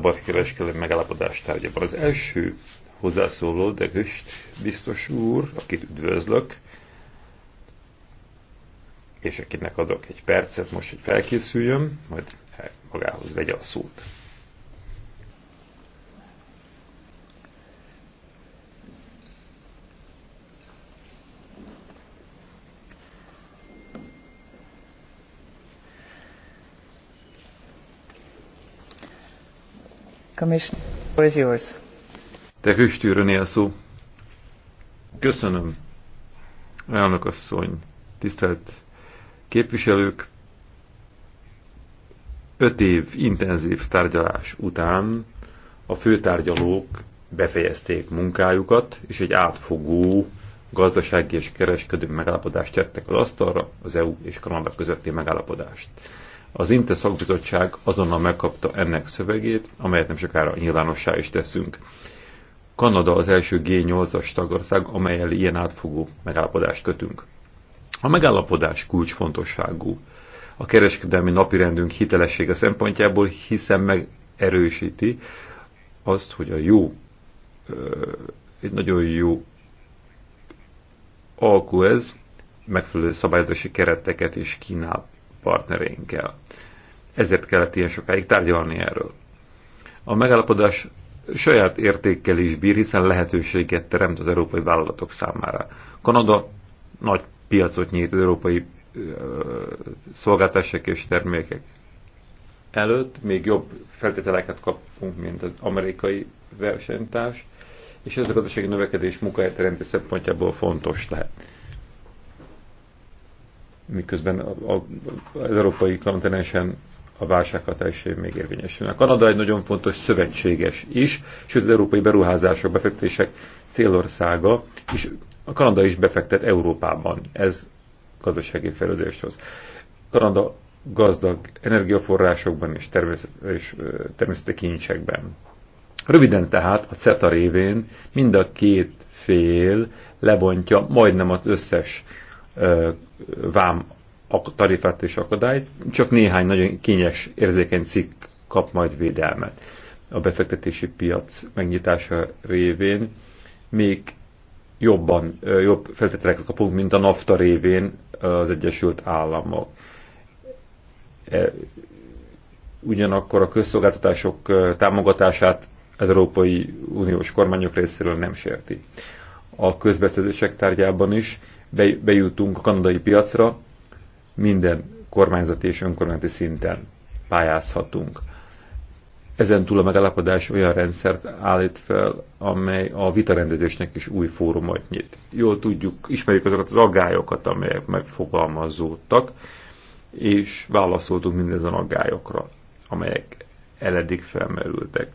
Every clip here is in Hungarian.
kereskedelmi megállapodás tárgyában. Az első hozzászóló, de Köst biztos úr, akit üdvözlök, és akinek adok egy percet most, hogy felkészüljön, majd magához vegye a szót. De hüstűrön szó. Köszönöm, elnök asszony, tisztelt képviselők. Öt év intenzív tárgyalás után a főtárgyalók befejezték munkájukat, és egy átfogó gazdasági és kereskedő megállapodást tettek az asztalra, az EU és Kanada közötti megállapodást. Az INTE szakbizottság azonnal megkapta ennek szövegét, amelyet nem sokára nyilvánossá is teszünk. Kanada az első G8-as tagország, amelyel ilyen átfogó megállapodást kötünk. A megállapodás kulcsfontosságú. A kereskedelmi napirendünk hitelessége szempontjából, hiszen megerősíti azt, hogy a jó, egy nagyon jó alkú ez, megfelelő szabályozási kereteket is kínál partnereinkkel. Ezért kellett ilyen sokáig tárgyalni erről. A megállapodás saját értékkel is bír, hiszen lehetőséget teremt az európai vállalatok számára. Kanada nagy piacot nyit az európai szolgáltások és termékek előtt, még jobb feltételeket kapunk, mint az amerikai versenytárs, és ez a gazdasági növekedés munkahelyteremtés szempontjából fontos lehet miközben az európai kontinensen a válság hatásai még érvényesül. A Kanada egy nagyon fontos szövetséges is, sőt az európai beruházások, befektetések célországa, és a Kanada is befektet Európában. Ez gazdasági fejlődést hoz. Kanada gazdag energiaforrásokban és, és természeti kincsekben. Röviden tehát a CETA révén mind a két fél lebontja majdnem az összes vám tarifát és akadályt, csak néhány nagyon kényes, érzékeny cikk kap majd védelmet. A befektetési piac megnyitása révén még jobban, jobb feltételek kapunk, mint a NAFTA révén az Egyesült Államok. E, ugyanakkor a közszolgáltatások támogatását az Európai Uniós kormányok részéről nem sérti. A közbeszerzések tárgyában is bejutunk a kanadai piacra, minden kormányzati és önkormányzati szinten pályázhatunk. Ezen túl a megállapodás olyan rendszert állít fel, amely a vitarendezésnek is új fórumot nyit. Jól tudjuk, ismerjük azokat az aggályokat, amelyek megfogalmazódtak, és válaszoltunk mindezen aggályokra, amelyek eleddig felmerültek.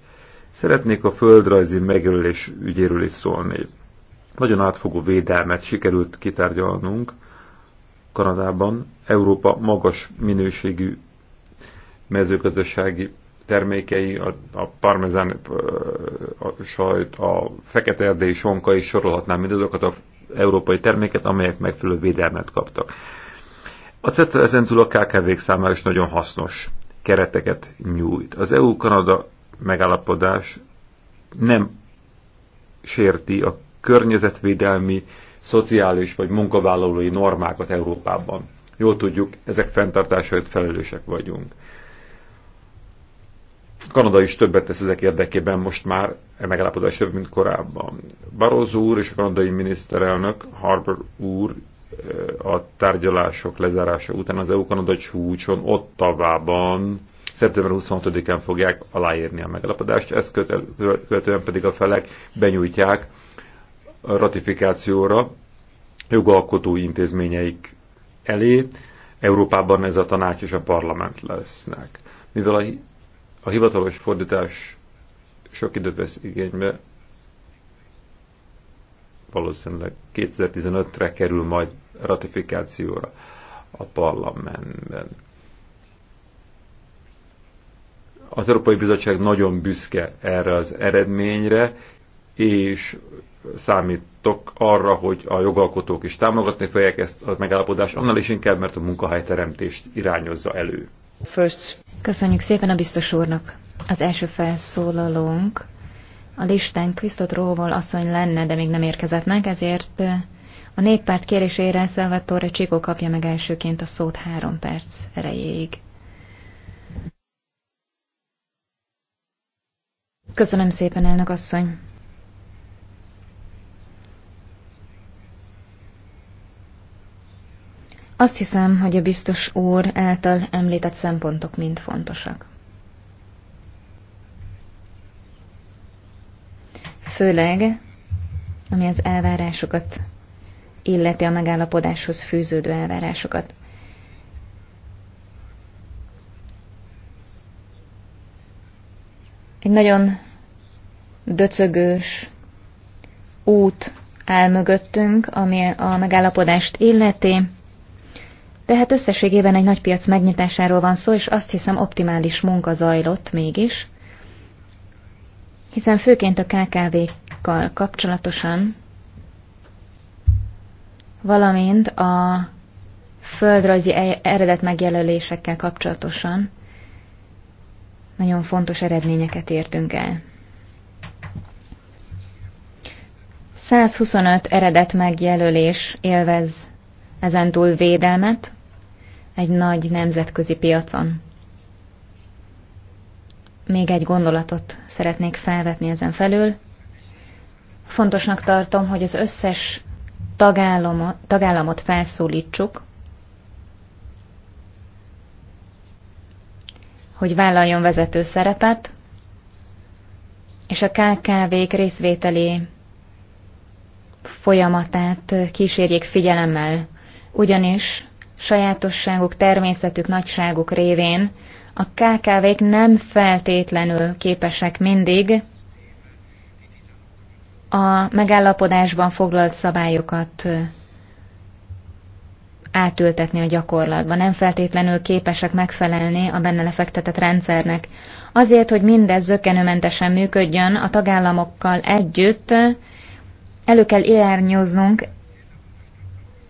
Szeretnék a földrajzi megjelölés ügyéről is szólni. Nagyon átfogó védelmet sikerült kitárgyalnunk Kanadában. Európa magas minőségű mezőgazdasági termékei, a, a parmezán a sajt, a fekete erdei sonka is sorolhatnám mindazokat az európai terméket, amelyek megfelelő védelmet kaptak. A CETA ezentúl a kkv számára is nagyon hasznos kereteket nyújt. Az EU-Kanada megállapodás nem sérti a környezetvédelmi, szociális vagy munkavállalói normákat Európában. Jól tudjuk, ezek fenntartásait felelősek vagyunk. Kanada is többet tesz ezek érdekében most már, e megállapodás több, mint korábban. Barroso úr és a kanadai miniszterelnök Harper úr e, a tárgyalások lezárása után az EU-Kanada csúcson ott tavában szeptember 26-án fogják aláírni a megállapodást, ezt követően pedig a felek benyújtják ratifikációra jogalkotó intézményeik elé, Európában ez a tanács és a parlament lesznek. Mivel a, a hivatalos fordítás sok időt vesz igénybe, valószínűleg 2015-re kerül majd ratifikációra a parlamentben. Az Európai Bizottság nagyon büszke erre az eredményre, és számítok arra, hogy a jogalkotók is támogatni fogják ezt a megállapodást, annál is inkább, mert a munkahelyteremtést irányozza elő. First. Köszönjük szépen a biztos úrnak. Az első felszólalónk a listán Krisztot Róval asszony lenne, de még nem érkezett meg, ezért a néppárt kérésére Salvatore Csikó kapja meg elsőként a szót három perc erejéig. Köszönöm szépen, elnök asszony! Azt hiszem, hogy a biztos úr által említett szempontok mind fontosak. Főleg, ami az elvárásokat illeti a megállapodáshoz fűződő elvárásokat. Egy nagyon döcögős út áll mögöttünk, ami a megállapodást illeti. Tehát összességében egy nagy piac megnyitásáról van szó, és azt hiszem optimális munka zajlott mégis, hiszen főként a KKV-kkal kapcsolatosan, valamint a földrajzi e- eredet megjelölésekkel kapcsolatosan nagyon fontos eredményeket értünk el. 125 eredet megjelölés élvez ezentúl védelmet, egy nagy nemzetközi piacon. Még egy gondolatot szeretnék felvetni ezen felül. Fontosnak tartom, hogy az összes tagállamot, tagállamot felszólítsuk, hogy vállaljon vezető szerepet, és a KKV-k részvételi folyamatát kísérjék figyelemmel, ugyanis sajátosságuk, természetük, nagyságuk révén a KKV-k nem feltétlenül képesek mindig a megállapodásban foglalt szabályokat átültetni a gyakorlatba, nem feltétlenül képesek megfelelni a benne lefektetett rendszernek. Azért, hogy mindez zökkenőmentesen működjön, a tagállamokkal együtt elő kell irányoznunk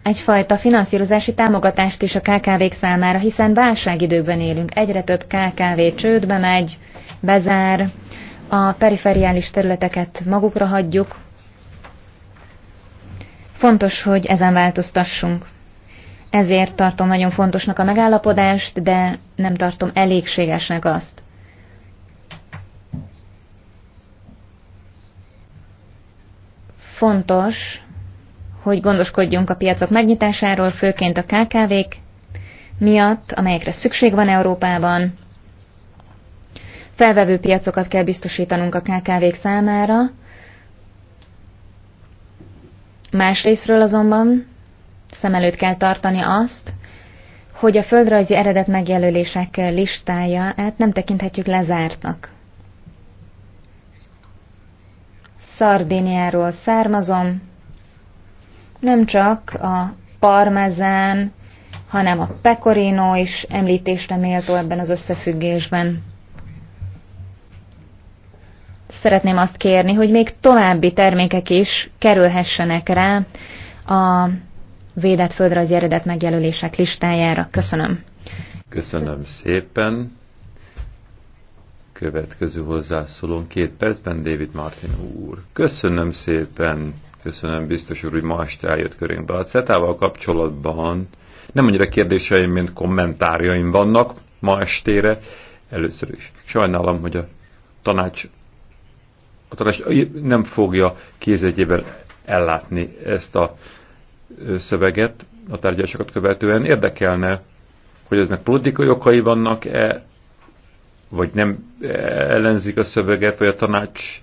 egyfajta finanszírozási támogatást is a KKV-k számára, hiszen válságidőben élünk, egyre több KKV csődbe megy, bezár, a perifériális területeket magukra hagyjuk. Fontos, hogy ezen változtassunk. Ezért tartom nagyon fontosnak a megállapodást, de nem tartom elégségesnek azt. Fontos, hogy gondoskodjunk a piacok megnyitásáról, főként a KKV-k miatt, amelyekre szükség van Európában. Felvevő piacokat kell biztosítanunk a KKV-k számára. Másrésztről azonban szem előtt kell tartani azt, hogy a földrajzi eredet megjelölések listája hát nem tekinthetjük lezártnak. Szardéniáról származom, nem csak a parmezán, hanem a pecorino is említésre méltó ebben az összefüggésben. Szeretném azt kérni, hogy még további termékek is kerülhessenek rá a védett földrajzi eredet megjelölések listájára. Köszönöm. Köszönöm szépen. Következő hozzászólón két percben David Martin úr. Köszönöm szépen. Köszönöm, biztos úr, hogy ma este eljött körénkbe. A CETA-val kapcsolatban nem annyira kérdéseim, mint kommentárjaim vannak ma estére. Először is sajnálom, hogy a tanács, a tanács nem fogja kézegyében ellátni ezt a szöveget a tárgyalásokat követően. Érdekelne, hogy eznek politikai okai vannak-e, vagy nem ellenzik a szöveget, vagy a tanács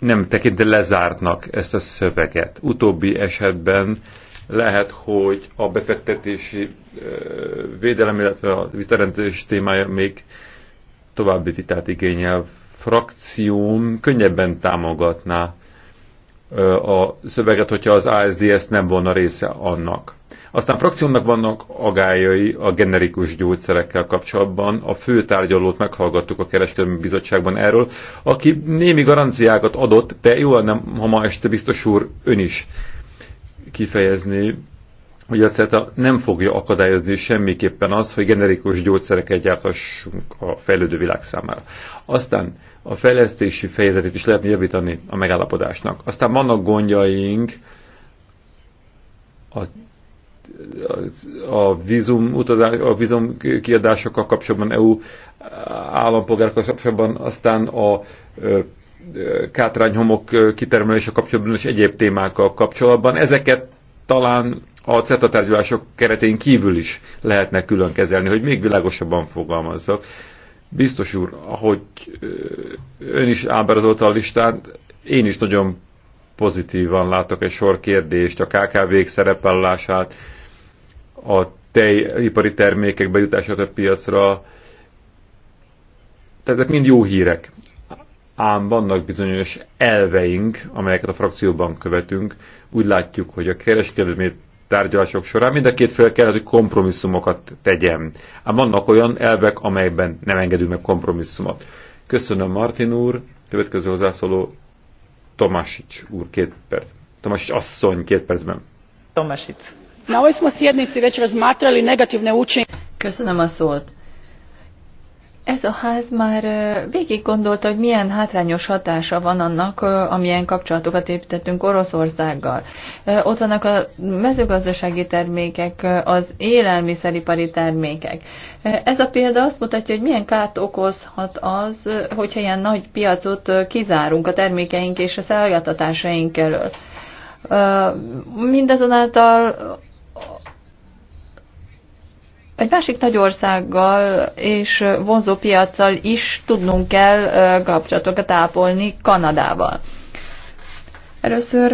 nem tekinti lezártnak ezt a szöveget. Utóbbi esetben lehet, hogy a befektetési védelem, illetve a visszarendezés témája még további vitát igényel. Frakcióm könnyebben támogatná a szöveget, hogyha az ASDS nem volna része annak. Aztán a frakciónak vannak agályai a generikus gyógyszerekkel kapcsolatban. A fő tárgyalót meghallgattuk a kereskedelmi bizottságban erről, aki némi garanciákat adott, de jó lenne, ha ma este biztos úr ön is kifejezni, hogy a CETA nem fogja akadályozni semmiképpen az, hogy generikus gyógyszereket gyártassunk a fejlődő világ számára. Aztán a fejlesztési fejezetét is lehetne javítani a megállapodásnak. Aztán vannak gondjaink a a vízum, utazás, a vízum kiadásokkal kapcsolatban EU állampolgárokkal kapcsolatban, aztán a kátrányhomok kitermelése kapcsolatban és egyéb témákkal kapcsolatban. Ezeket talán a CETA tárgyalások keretén kívül is lehetne külön kezelni, hogy még világosabban fogalmazzak. Biztos úr, ahogy ön is ábrázolta a listát, én is nagyon pozitívan látok egy sor kérdést, a KKV-k szerepellását, a tejipari termékek bejutását a piacra. Tehát ezek mind jó hírek. Ám vannak bizonyos elveink, amelyeket a frakcióban követünk. Úgy látjuk, hogy a kereskedelmi tárgyalások során mind a két fél kell, hogy kompromisszumokat tegyen. Ám vannak olyan elvek, amelyben nem engedünk meg kompromisszumot. Köszönöm Martin úr, következő hozzászóló Tomásics úr két perc. Tomásics asszony két percben. Tomásics na ovoj smo sjednici već razmatrali negativne učinke Köszönöm a szót. Ez a ház már végig gondolta, hogy milyen hátrányos hatása van annak, amilyen kapcsolatokat építettünk Oroszországgal. Ott vannak a mezőgazdasági termékek, az élelmiszeripari termékek. Ez a példa azt mutatja, hogy milyen kárt okozhat az, hogyha ilyen nagy piacot kizárunk a termékeink és a szolgáltatásaink elől. Mindazonáltal egy másik nagy országgal és vonzó piaccal is tudnunk kell kapcsolatokat ápolni Kanadával. Először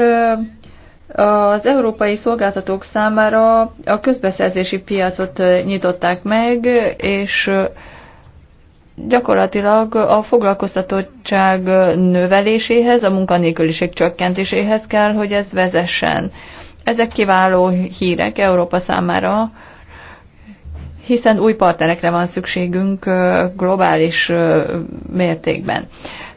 az európai szolgáltatók számára a közbeszerzési piacot nyitották meg, és gyakorlatilag a foglalkoztatottság növeléséhez, a munkanélküliség csökkentéséhez kell, hogy ez vezessen. Ezek kiváló hírek Európa számára, hiszen új partnerekre van szükségünk globális mértékben.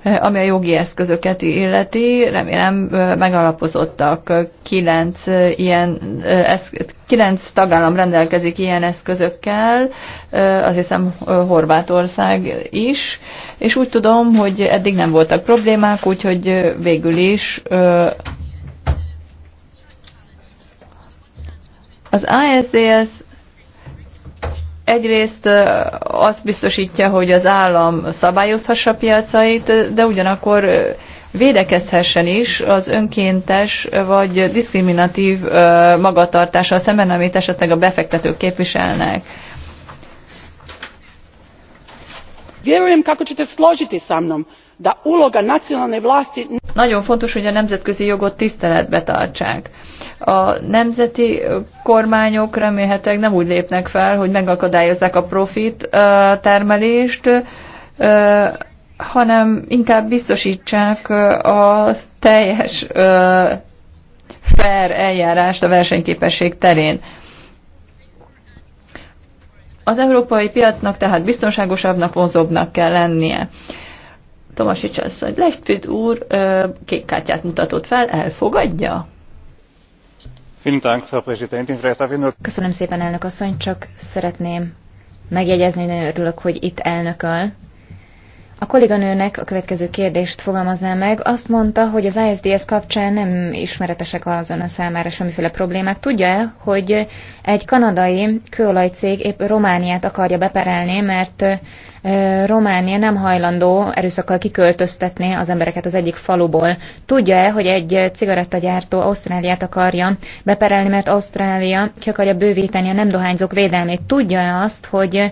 Ami a jogi eszközöket illeti, remélem megalapozottak. Kilenc, ilyen, kilenc tagállam rendelkezik ilyen eszközökkel, az hiszem Horvátország is, és úgy tudom, hogy eddig nem voltak problémák, úgyhogy végül is az ISDS egyrészt azt biztosítja, hogy az állam szabályozhassa piacait, de ugyanakkor védekezhessen is az önkéntes vagy diszkriminatív a szemben, amit esetleg a befektetők képviselnek. Vjerujem kako a složiti sa a da uloga nacionalne vlasti nagyon fontos, hogy a nemzetközi jogot tiszteletbe tartsák. A nemzeti kormányok remélhetőleg nem úgy lépnek fel, hogy megakadályozzák a profit termelést, hanem inkább biztosítsák a teljes fair eljárást a versenyképesség terén. Az európai piacnak tehát biztonságosabbnak, vonzóbbnak kell lennie. Tomasics asszony, Lechtfried úr kék kártyát mutatott fel, elfogadja? Köszönöm szépen, elnök asszony, csak szeretném megjegyezni, hogy nagyon örülök, hogy itt elnököl. A kolléganőnek a következő kérdést fogalmazná meg. Azt mondta, hogy az ISDS kapcsán nem ismeretesek az ön számára semmiféle problémák. Tudja-e, hogy egy kanadai kőolajcég épp Romániát akarja beperelni, mert Románia nem hajlandó erőszakkal kiköltöztetni az embereket az egyik faluból. Tudja-e, hogy egy cigarettagyártó Ausztráliát akarja beperelni, mert Ausztrália ki akarja bővíteni a nem dohányzók védelmét? Tudja-e azt, hogy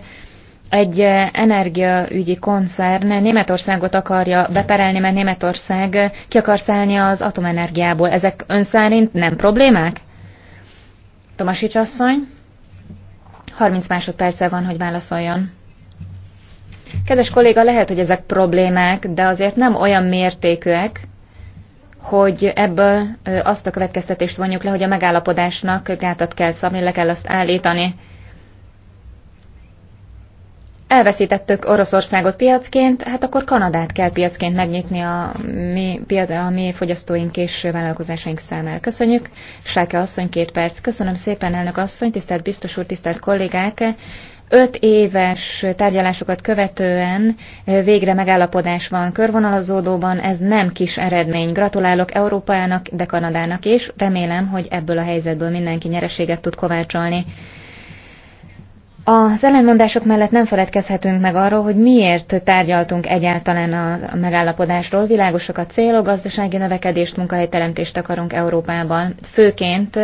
egy eh, energiaügyi koncern Németországot akarja beperelni, mert Németország eh, ki akar szállni az atomenergiából. Ezek ön szerint nem problémák? Tomasics asszony, 30 másodperce van, hogy válaszoljon. Kedves kolléga, lehet, hogy ezek problémák, de azért nem olyan mértékűek, hogy ebből eh, azt a következtetést vonjuk le, hogy a megállapodásnak gátat kell szabni, le kell azt állítani elveszítettük Oroszországot piacként, hát akkor Kanadát kell piacként megnyitni a mi, a mi fogyasztóink és vállalkozásaink számára. Köszönjük. Sáke asszony, két perc. Köszönöm szépen, elnök asszony, tisztelt biztos úr, tisztelt kollégák. Öt éves tárgyalásokat követően végre megállapodás van körvonalazódóban, ez nem kis eredmény. Gratulálok Európának, de Kanadának is. Remélem, hogy ebből a helyzetből mindenki nyereséget tud kovácsolni. Az ellenmondások mellett nem feledkezhetünk meg arról, hogy miért tárgyaltunk egyáltalán a megállapodásról. Világosak a célok, gazdasági növekedést, munkahelyteremtést akarunk Európában. Főként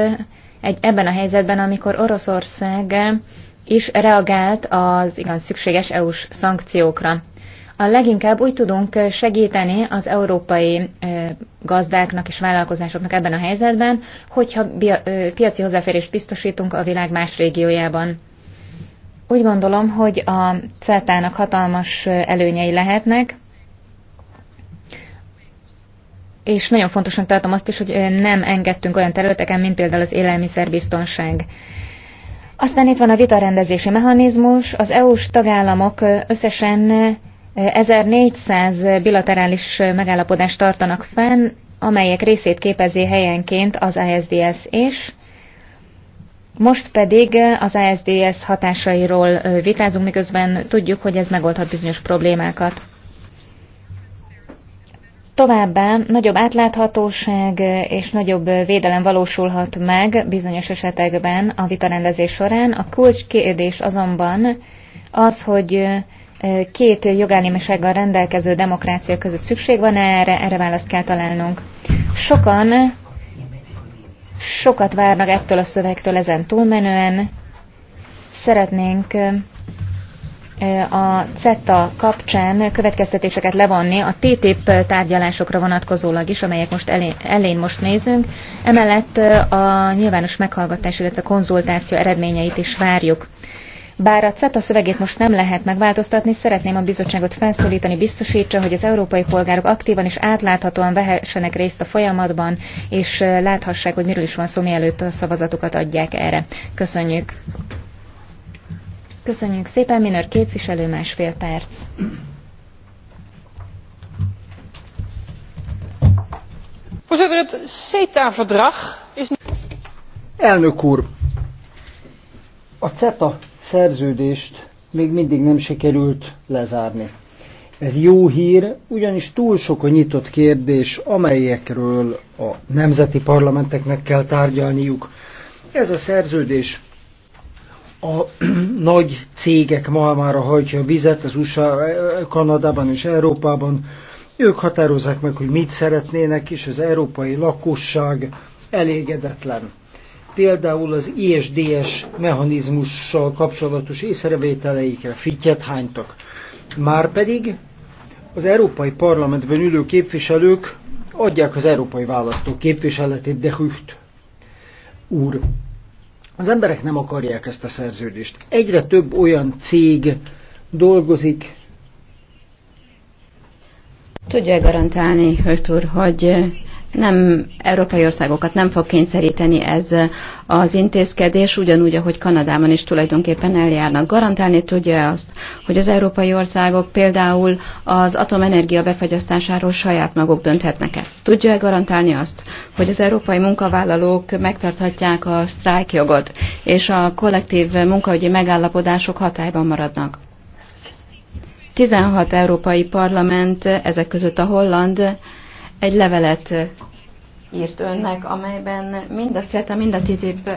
egy, ebben a helyzetben, amikor Oroszország is reagált az igen szükséges EU-s szankciókra. A leginkább úgy tudunk segíteni az európai gazdáknak és vállalkozásoknak ebben a helyzetben, hogyha piaci hozzáférést biztosítunk a világ más régiójában. Úgy gondolom, hogy a CETA-nak hatalmas előnyei lehetnek, és nagyon fontosnak tartom azt is, hogy nem engedtünk olyan területeken, mint például az élelmiszerbiztonság. Aztán itt van a vitarendezési mechanizmus. Az EU-s tagállamok összesen 1400 bilaterális megállapodást tartanak fenn, amelyek részét képezi helyenként az ISDS és most pedig az ASDS hatásairól vitázunk, miközben tudjuk, hogy ez megoldhat bizonyos problémákat. Továbbá nagyobb átláthatóság és nagyobb védelem valósulhat meg bizonyos esetekben a vitarendezés során. A kulcs kérdés azonban az, hogy két jogállamisággal rendelkező demokrácia között szükség van -e erre, erre választ kell találnunk. Sokan Sokat várnak ettől a szövegtől ezen túlmenően. Szeretnénk a CETA kapcsán következtetéseket levonni a TTIP tárgyalásokra vonatkozólag is, amelyek most elén, elén most nézünk. Emellett a nyilvános meghallgatás, illetve konzultáció eredményeit is várjuk. Bár a CETA szövegét most nem lehet megváltoztatni, szeretném a bizottságot felszólítani, biztosítsa, hogy az európai polgárok aktívan és átláthatóan vehessenek részt a folyamatban, és láthassák, hogy miről is van szó, mielőtt a szavazatukat adják erre. Köszönjük. Köszönjük szépen, minőr képviselő, másfél perc. Voorzitter, het CETA-verdrag is... Elnök úr, a CETA szerződést még mindig nem sikerült lezárni. Ez jó hír, ugyanis túl sok a nyitott kérdés, amelyekről a nemzeti parlamenteknek kell tárgyalniuk. Ez a szerződés a nagy cégek malmára hajtja a vizet az USA, Kanadában és Európában. Ők határozzák meg, hogy mit szeretnének, és az európai lakosság elégedetlen például az ISDS mechanizmussal kapcsolatos észrevételeikre fittyet hánytak. Márpedig az Európai Parlamentben ülő képviselők adják az európai választók képviseletét, de hüht. Úr, az emberek nem akarják ezt a szerződést. Egyre több olyan cég dolgozik. Tudja garantálni, hogy úr, hogy nem európai országokat nem fog kényszeríteni ez eh, az intézkedés, ugyanúgy, ahogy Kanadában is tulajdonképpen eljárnak. Garantálni tudja azt, hogy az európai országok például az atomenergia befagyasztásáról saját maguk dönthetnek-e? Tudja-e garantálni azt, hogy az európai munkavállalók megtarthatják a sztrájkjogot, és a kollektív munkaügyi megállapodások hatályban maradnak? 16 európai parlament, ezek között a holland, egy levelet írt önnek, amelyben mind a SZETA, mind a TTIP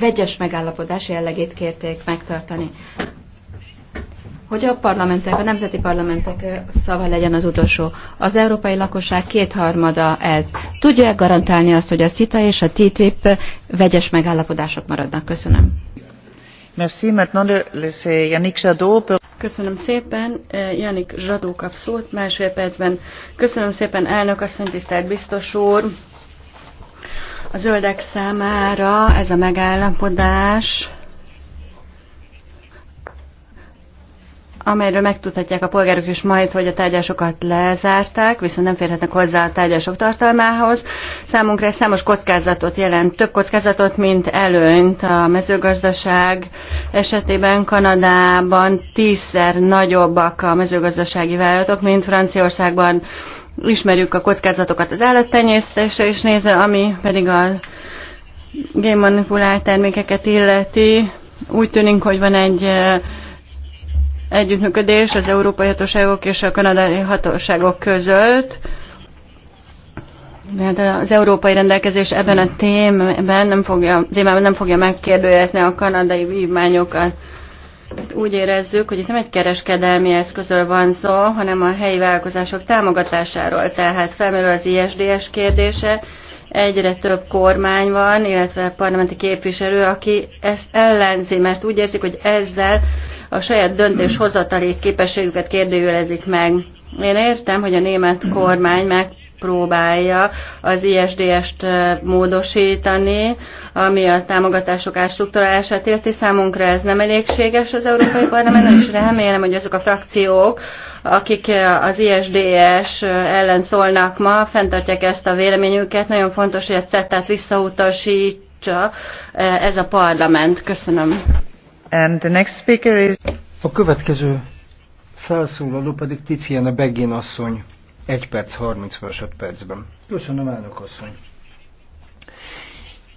vegyes megállapodás jellegét kérték megtartani. Hogy a parlamentek, a nemzeti parlamentek szava legyen az utolsó. Az európai lakosság kétharmada ez. Tudja -e garantálni azt, hogy a szita és a TTIP vegyes megállapodások maradnak? Köszönöm. Merci. mert nagyon lesz Janik Jadot. Köszönöm szépen. E, Janik Zsadó kap szót másfél percben. Köszönöm szépen elnök asszony, tisztelt biztos úr. A zöldek számára ez a megállapodás amelyről megtudhatják a polgárok is majd, hogy a tárgyásokat lezárták, viszont nem férhetnek hozzá a tárgyások tartalmához. Számunkra ez számos kockázatot jelent, több kockázatot, mint előnyt a mezőgazdaság esetében Kanadában tízszer nagyobbak a mezőgazdasági vállalatok, mint Franciaországban ismerjük a kockázatokat az állattenyésztésre is nézve, ami pedig a génmanipulált termékeket illeti. Úgy tűnik, hogy van egy együttműködés az európai hatóságok és a kanadai hatóságok között. Mert hát az európai rendelkezés ebben a témában nem fogja, témában nem fogja megkérdőjelezni a kanadai vívmányokat. Hát úgy érezzük, hogy itt nem egy kereskedelmi eszközről van szó, hanem a helyi vállalkozások támogatásáról. Tehát felmerül az ISDS kérdése, egyre több kormány van, illetve parlamenti képviselő, aki ezt ellenzi, mert úgy érzik, hogy ezzel a saját döntéshozatali képességüket kérdőjelezik meg. Én értem, hogy a német kormány meg próbálja az ISDS-t módosítani, ami a támogatások átstruktúrálását érti. Számunkra ez nem elégséges az Európai Parlamentben, és remélem, hogy azok a frakciók, akik az ISDS ellen szólnak ma, fenntartják ezt a véleményüket. Nagyon fontos, hogy a CETA-t visszautasítsa ez a parlament. Köszönöm. And the next speaker is... A következő felszólaló pedig Tiziana Begin asszony, 1 perc 30 másodpercben. Köszönöm, elnök asszony.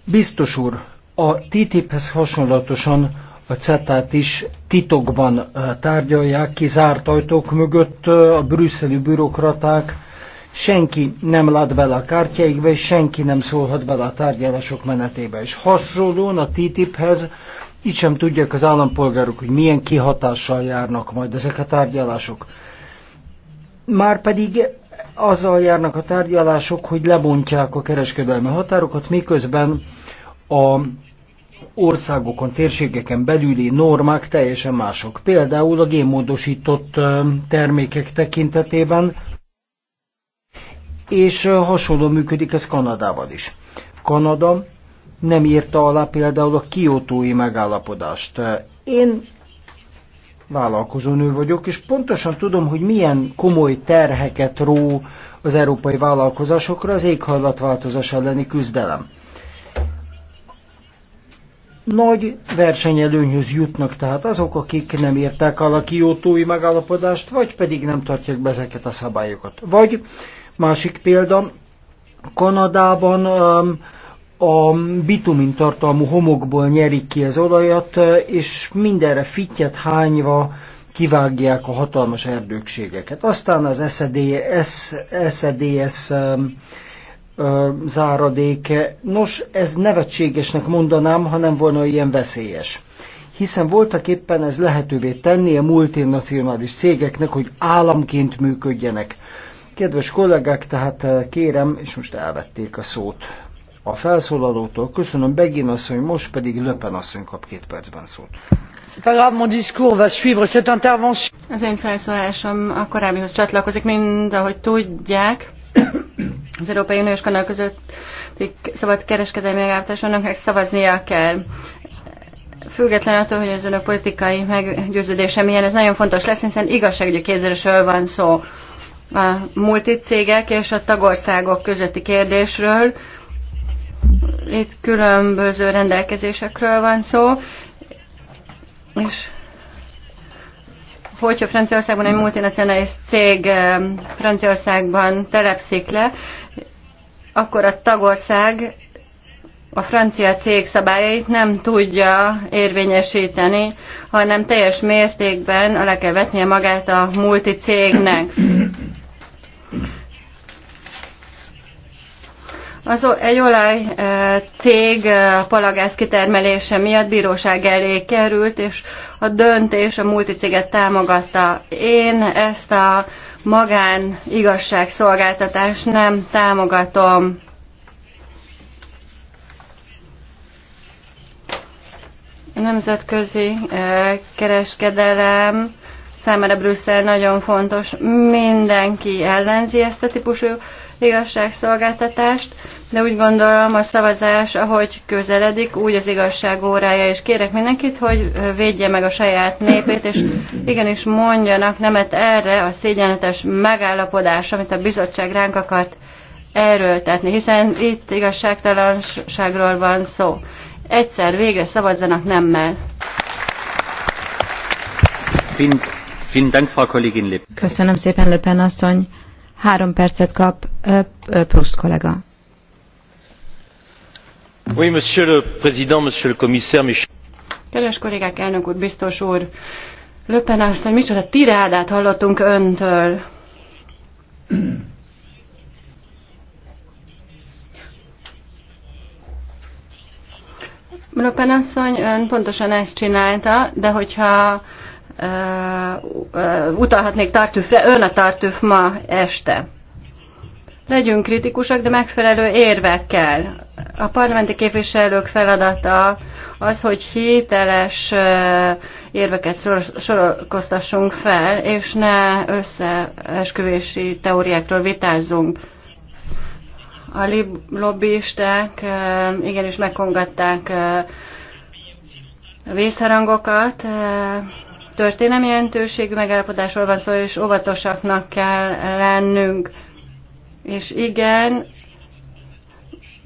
Biztos úr, a TTIP-hez hasonlatosan a CETA-t is titokban eh, tárgyalják, zárt ajtók mögött eh, a brüsszeli bürokraták, senki nem lát bele a kártyáikbe, és senki nem szólhat bele a tárgyalások menetébe. És hasonlóan a TTIP-hez így sem tudják az állampolgárok, hogy milyen kihatással járnak majd ezek a tárgyalások. Márpedig azzal járnak a tárgyalások, hogy lebontják a kereskedelmi határokat, miközben a országokon, térségeken belüli normák teljesen mások. Például a génmódosított termékek tekintetében, és hasonló működik ez Kanadában is. Kanada nem írta alá például a kiotói megállapodást. Én vállalkozónő vagyok, és pontosan tudom, hogy milyen komoly terheket ró az európai vállalkozásokra az éghajlatváltozás elleni küzdelem. Nagy versenyelőnyhöz jutnak tehát azok, akik nem írták alá a kiótói megállapodást, vagy pedig nem tartják be ezeket a szabályokat. Vagy másik példa, Kanadában um, a bitumin tartalmú homokból nyerik ki az olajat, és mindenre fittyet hányva kivágják a hatalmas erdőkségeket. Aztán az SZDS, e SZDS e um, um, záradéke, nos, ez nevetségesnek mondanám, ha nem volna ilyen veszélyes hiszen voltak éppen ez lehetővé tenni a multinacionális cégeknek, hogy államként működjenek. Kedves kollégák, tehát uh, kérem, és most elvették a szót a felszólalótól. Köszönöm Begin asszony, most pedig Löpen asszony kap két percben szót. Az én felszólásom a korábbihoz csatlakozik, mind ahogy tudják. Az Európai Uniós kanál között szabad kereskedelmi megállapodásnak szavaznia kell független attól, hogy az önök politikai meggyőződése milyen, ez nagyon fontos lesz, hiszen igazságügyi képzésről van szó a multicégek és a tagországok közötti kérdésről, itt különböző rendelkezésekről van szó, és hogyha Franciaországban egy multinacionális cég eh, Franciaországban telepszik le, akkor a tagország a francia cég szabályait nem tudja érvényesíteni, hanem teljes mértékben alá kell vetnie magát a multi cégnek. Az egy olaj eh, cég eh, palagáz kitermelése miatt bíróság elé került, és a döntés a multicéget támogatta. Én ezt a magán igazságszolgáltatást nem támogatom. A nemzetközi eh, kereskedelem számára Brüsszel nagyon fontos. Mindenki ellenzi ezt a típusú igazságszolgáltatást, de úgy gondolom a szavazás, ahogy közeledik, úgy az igazság órája, és kérek mindenkit, hogy védje meg a saját népét, és igenis mondjanak nemet erre a szégyenletes megállapodás, amit a bizottság ránk akart erőltetni, hiszen itt igazságtalanságról van szó. Egyszer végre szavazzanak nemmel. Köszönöm szépen, Löpen asszony. Három percet kap Proust kollega. Oui, monsieur le président, monsieur le commissaire, mes... Kedves kollégák, elnök úr, biztos úr, Löppen asszony, micsoda tirádát hallottunk öntől. Löpen asszony, ön pontosan ezt csinálta, de hogyha utalhatnék Tartüfre, ön a Tartüf ma este. Legyünk kritikusak, de megfelelő érvekkel. A parlamenti képviselők feladata az, hogy hiteles érveket sorolkoztassunk fel, és ne összeesküvési teóriákról vitázzunk. A lobbisták igenis megkongatták vészharangokat, történelmi jelentőségű megállapodásról van szó, és óvatosaknak kell lennünk. És igen,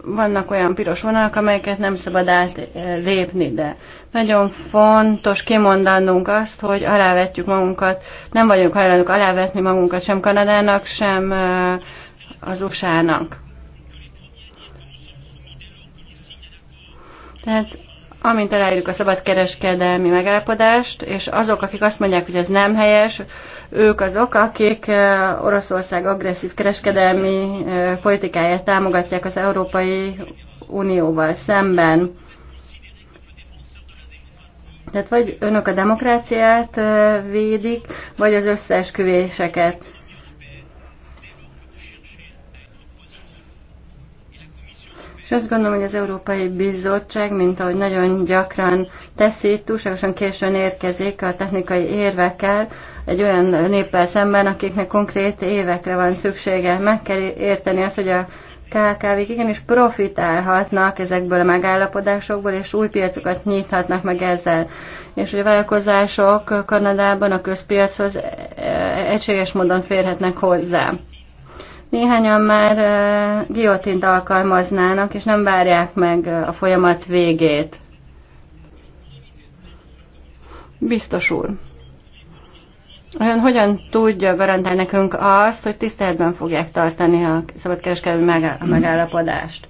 vannak olyan piros vonalak, amelyeket nem szabad átlépni, de nagyon fontos kimondanunk azt, hogy alávetjük magunkat, nem vagyunk hajlandók alávetni magunkat sem Kanadának, sem az USA-nak. Tehát amint elérjük a szabadkereskedelmi megállapodást, és azok, akik azt mondják, hogy ez nem helyes, ők azok, akik eh, Oroszország agresszív kereskedelmi eh, politikáját támogatják az Európai Unióval szemben. Tehát vagy önök a demokráciát eh, védik, vagy az összeesküvéseket. És azt gondolom, hogy az Európai Bizottság, mint ahogy nagyon gyakran teszi, túlságosan későn érkezik a technikai érvekkel egy olyan néppel szemben, akiknek konkrét évekre van szüksége. Meg kell érteni azt, hogy a KKV-k igenis profitálhatnak ezekből a megállapodásokból, és új piacokat nyithatnak meg ezzel. És hogy a vállalkozások Kanadában a közpiachoz e, egységes módon férhetnek hozzá. Néhányan már giotint alkalmaznának, és nem várják meg a folyamat végét. Biztos úr. Ön hogyan tudja garantálni nekünk azt, hogy tiszteletben fogják tartani a szabadkereskedelmi megállapodást?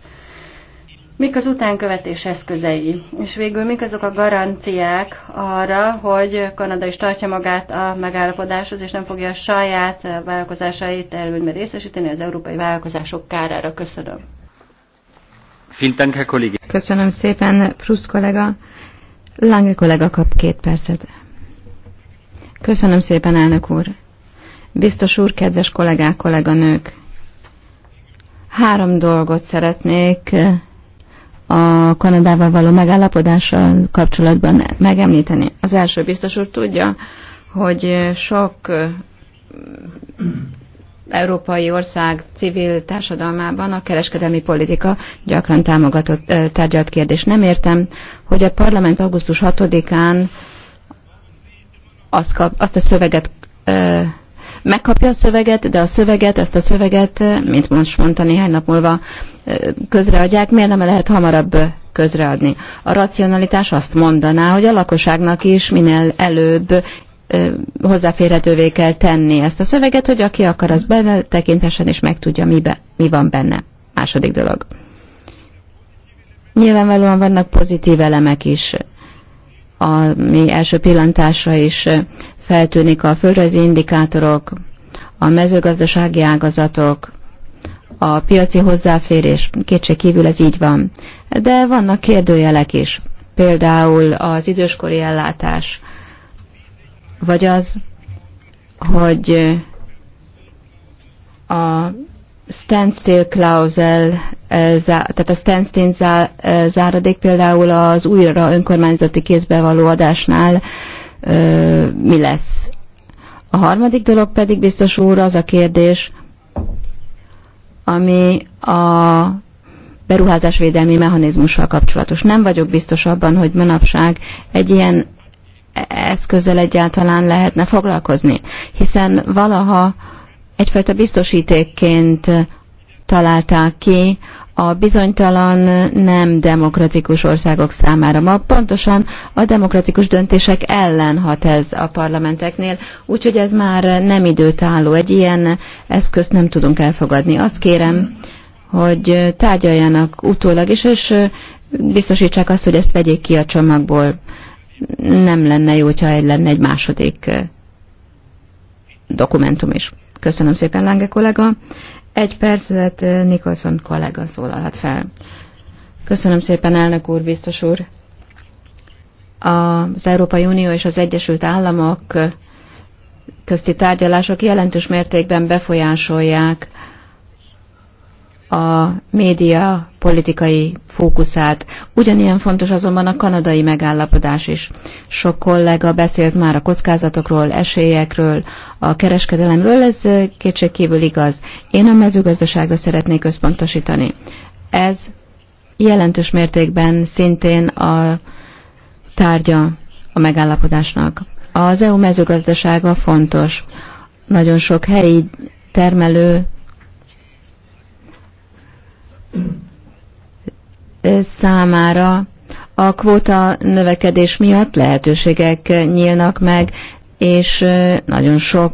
Mik az utánkövetés eszközei? És végül mik azok a garanciák arra, hogy Kanada is tartja magát a megállapodáshoz, és nem fogja a saját vállalkozásait előnyben részesíteni az európai vállalkozások kárára? Köszönöm. Köszönöm szépen, Prusz kollega. Lange kollega kap két percet. Köszönöm szépen, elnök úr. Biztos úr, kedves kollégák, kolléganők. Három dolgot szeretnék a Kanadával való megállapodással kapcsolatban megemlíteni. Az első biztos úr tudja, hogy sok európai ország civil társadalmában a kereskedelmi politika gyakran támogatott tárgyalt kérdés. Nem értem, hogy a parlament augusztus 6-án azt, azt a szöveget megkapja a szöveget, de a szöveget, ezt a szöveget, mint most mondta néhány nap múlva, közreadják, miért nem lehet hamarabb közreadni. A racionalitás azt mondaná, hogy a lakosságnak is minél előbb hozzáférhetővé kell tenni ezt a szöveget, hogy aki akar, az benne tekintesen is megtudja, mibe, mi van benne. Második dolog. Nyilvánvalóan vannak pozitív elemek is ami első pillantásra is feltűnik a földrajzi indikátorok, a mezőgazdasági ágazatok, a piaci hozzáférés, kétség kívül ez így van. De vannak kérdőjelek is, például az időskori ellátás, vagy az, hogy a standstill klauzel Eh, tehát a Stenstein eh, záradék például az újra önkormányzati kézbe való adásnál eh, mi lesz. A harmadik dolog pedig biztos úr az a kérdés, ami a beruházásvédelmi mechanizmussal kapcsolatos. Nem vagyok biztos abban, hogy manapság egy ilyen eszközzel egyáltalán lehetne foglalkozni, hiszen valaha egyfajta biztosítékként találták ki a bizonytalan, nem demokratikus országok számára. Ma pontosan a demokratikus döntések ellen hat ez a parlamenteknél, úgyhogy ez már nem időtálló. Egy ilyen eszközt nem tudunk elfogadni. Azt kérem, hogy tárgyaljanak utólag is, és biztosítsák azt, hogy ezt vegyék ki a csomagból. Nem lenne jó, ha egy lenne egy második dokumentum is. Köszönöm szépen, Lange kollega. Egy percet eh, Nicholson kollega szólalhat fel. Köszönöm szépen, elnök úr, biztos úr. Az Európai Unió és az Egyesült Államok eh, közti tárgyalások jelentős mértékben befolyásolják a média politikai fókuszát. Ugyanilyen fontos azonban a kanadai megállapodás is. Sok kollega beszélt már a kockázatokról, esélyekről, a kereskedelemről, ez kétségkívül igaz. Én a mezőgazdaságra szeretnék összpontosítani. Ez jelentős mértékben szintén a tárgya a megállapodásnak. Az EU mezőgazdasága fontos. Nagyon sok helyi termelő számára a kvóta növekedés miatt lehetőségek nyílnak meg, és nagyon sok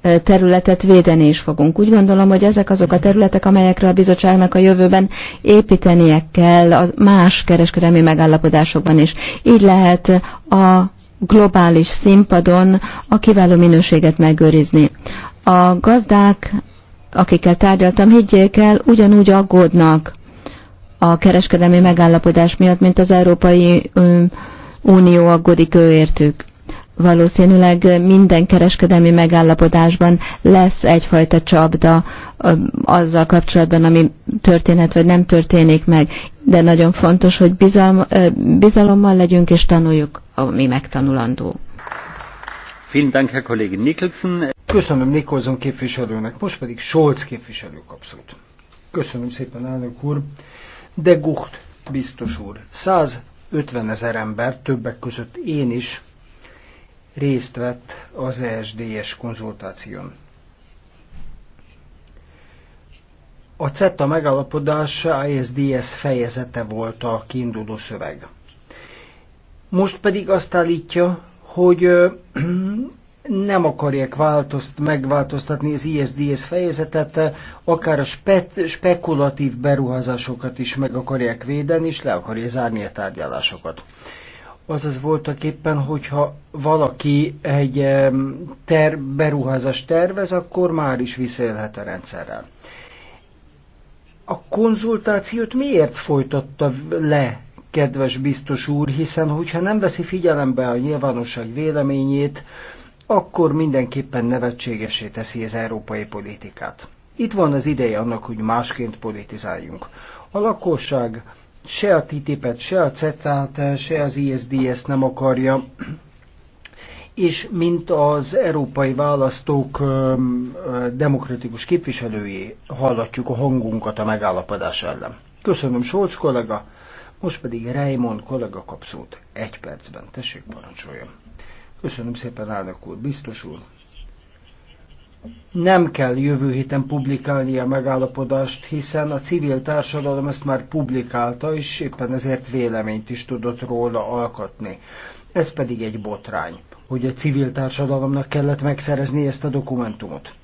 e, területet védeni is fogunk. Úgy gondolom, hogy ezek azok a területek, amelyekre a bizottságnak a jövőben építenie kell a más kereskedelmi megállapodásokban is. Így lehet a globális színpadon a kiváló minőséget megőrizni. A gazdák akikkel tárgyaltam, higgyék el, ugyanúgy aggódnak a kereskedelmi megállapodás miatt, mint az Európai Unió aggódik őértük. Valószínűleg minden kereskedelmi megállapodásban lesz egyfajta csapda azzal kapcsolatban, ami történhet vagy nem történik meg, de nagyon fontos, hogy bizalom, bizalommal legyünk és tanuljuk, ami megtanulandó. Köszönöm Nikolson képviselőnek, most pedig Scholz képviselő kapszót. Köszönöm szépen, elnök úr. De Gucht, biztos úr, 150 ezer ember, többek között én is, részt vett az ESDS konzultáción. A CETA megállapodása ESDS fejezete volt a kiinduló szöveg. Most pedig azt állítja, hogy nem akarják változt, megváltoztatni az ISDS fejezetet, akár a spe- spekulatív beruházásokat is meg akarják védeni, és le akarja zárni a tárgyalásokat. Azaz voltak éppen, hogyha valaki egy ter- beruházást tervez, akkor már is visszaélhet a rendszerrel. A konzultációt miért folytatta le kedves biztos úr, hiszen hogyha nem veszi figyelembe a nyilvánosság véleményét, akkor mindenképpen nevetségesé teszi az európai politikát. Itt van az ideje annak, hogy másként politizáljunk. A lakosság se a ttip se a CETA-t, se az ISDS nem akarja, és mint az európai választók demokratikus képviselői hallatjuk a hangunkat a megállapodás ellen. Köszönöm, Solcs kollega! Most pedig Raymond kollega kap szót. Egy percben, tessék parancsoljon. Köszönöm szépen, állnak úr, biztos úr. Nem kell jövő héten publikálni a megállapodást, hiszen a civil társadalom ezt már publikálta, és éppen ezért véleményt is tudott róla alkotni. Ez pedig egy botrány, hogy a civil társadalomnak kellett megszerezni ezt a dokumentumot.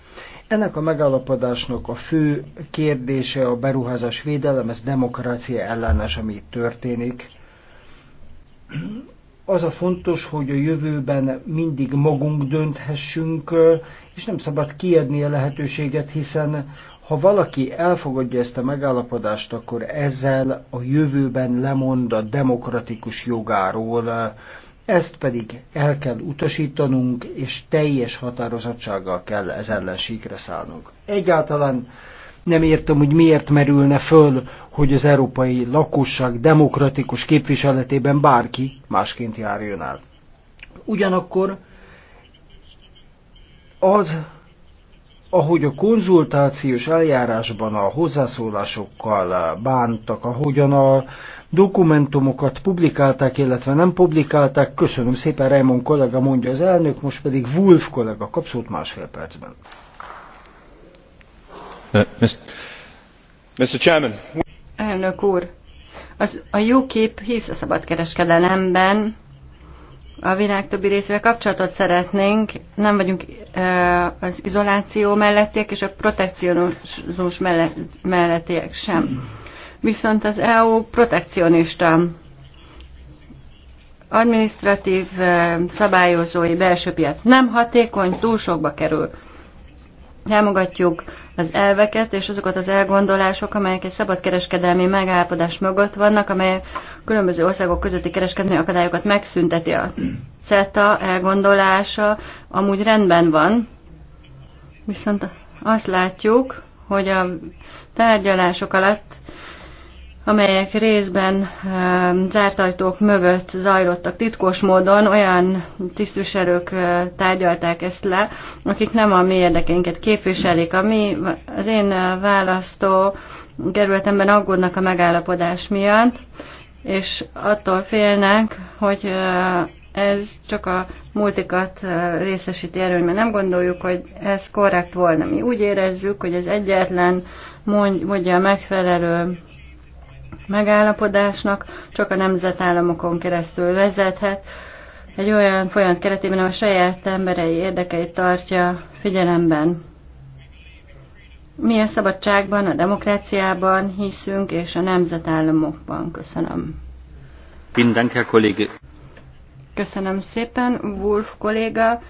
Ennek a megállapodásnak a fő kérdése a beruházás védelem, ez demokrácia ellenes, ami itt történik. Az a fontos, hogy a jövőben mindig magunk dönthessünk, és nem szabad kiadni a lehetőséget, hiszen ha valaki elfogadja ezt a megállapodást, akkor ezzel a jövőben lemond a demokratikus jogáról, ezt pedig el kell utasítanunk, és teljes határozottsággal kell ez ellen síkra szállnunk. Egyáltalán nem értem, hogy miért merülne föl, hogy az európai lakosság demokratikus képviseletében bárki másként járjon el. Ugyanakkor az, ahogy a konzultációs eljárásban a hozzászólásokkal bántak, ahogyan a dokumentumokat publikálták, illetve nem publikálták, köszönöm szépen, Raymond kollega mondja az elnök, most pedig Wolf kollega kapszót másfél percben. Uh, Mr. Chairman. Elnök úr, az, a jó kép hisz a szabadkereskedelemben, a világ többi részével kapcsolatot szeretnénk, nem vagyunk az izoláció mellettiek és a protekcionizmus mellettiek sem. Viszont az EU protekcionista administratív szabályozói belső piac nem hatékony, túl sokba kerül támogatjuk az elveket és azokat az elgondolások, amelyek egy szabadkereskedelmi megállapodás mögött vannak, amely különböző országok közötti kereskedelmi akadályokat megszünteti. A CETA elgondolása amúgy rendben van, viszont azt látjuk, hogy a tárgyalások alatt amelyek részben um, zárt ajtók mögött zajlottak titkos módon, olyan tisztviselők uh, tárgyalták ezt le, akik nem a mi érdekeinket képviselik. A mi, az én uh, választó kerületemben aggódnak a megállapodás miatt, és attól félnek, hogy uh, ez csak a multikat részesíti erőnyben. Nem gondoljuk, hogy ez korrekt volna. Mi úgy érezzük, hogy ez egyetlen mondja megfelelő megállapodásnak csak a nemzetállamokon keresztül vezethet, egy olyan folyamat keretében, a saját emberei érdekeit tartja figyelemben. Mi a szabadságban, a demokráciában hiszünk, és a nemzetállamokban. Köszönöm. Köszönöm szépen, Wolf kolléga.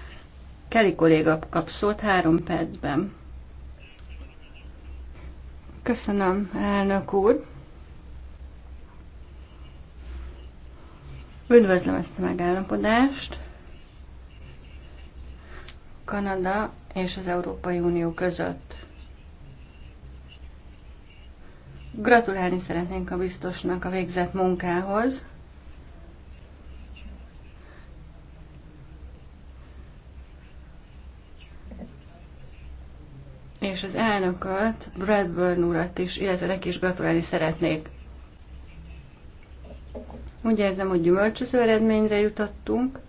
Kelly kolléga kap szót három percben. Köszönöm, elnök úr. Üdvözlöm ezt a megállapodást. Kanada és az Európai Unió között. Gratulálni szeretnénk a biztosnak a végzett munkához. És az elnököt, Bradburn urat is, illetve neki is gratulálni szeretnék. Úgy érzem, hogy gyümölcsöző eredményre jutottunk.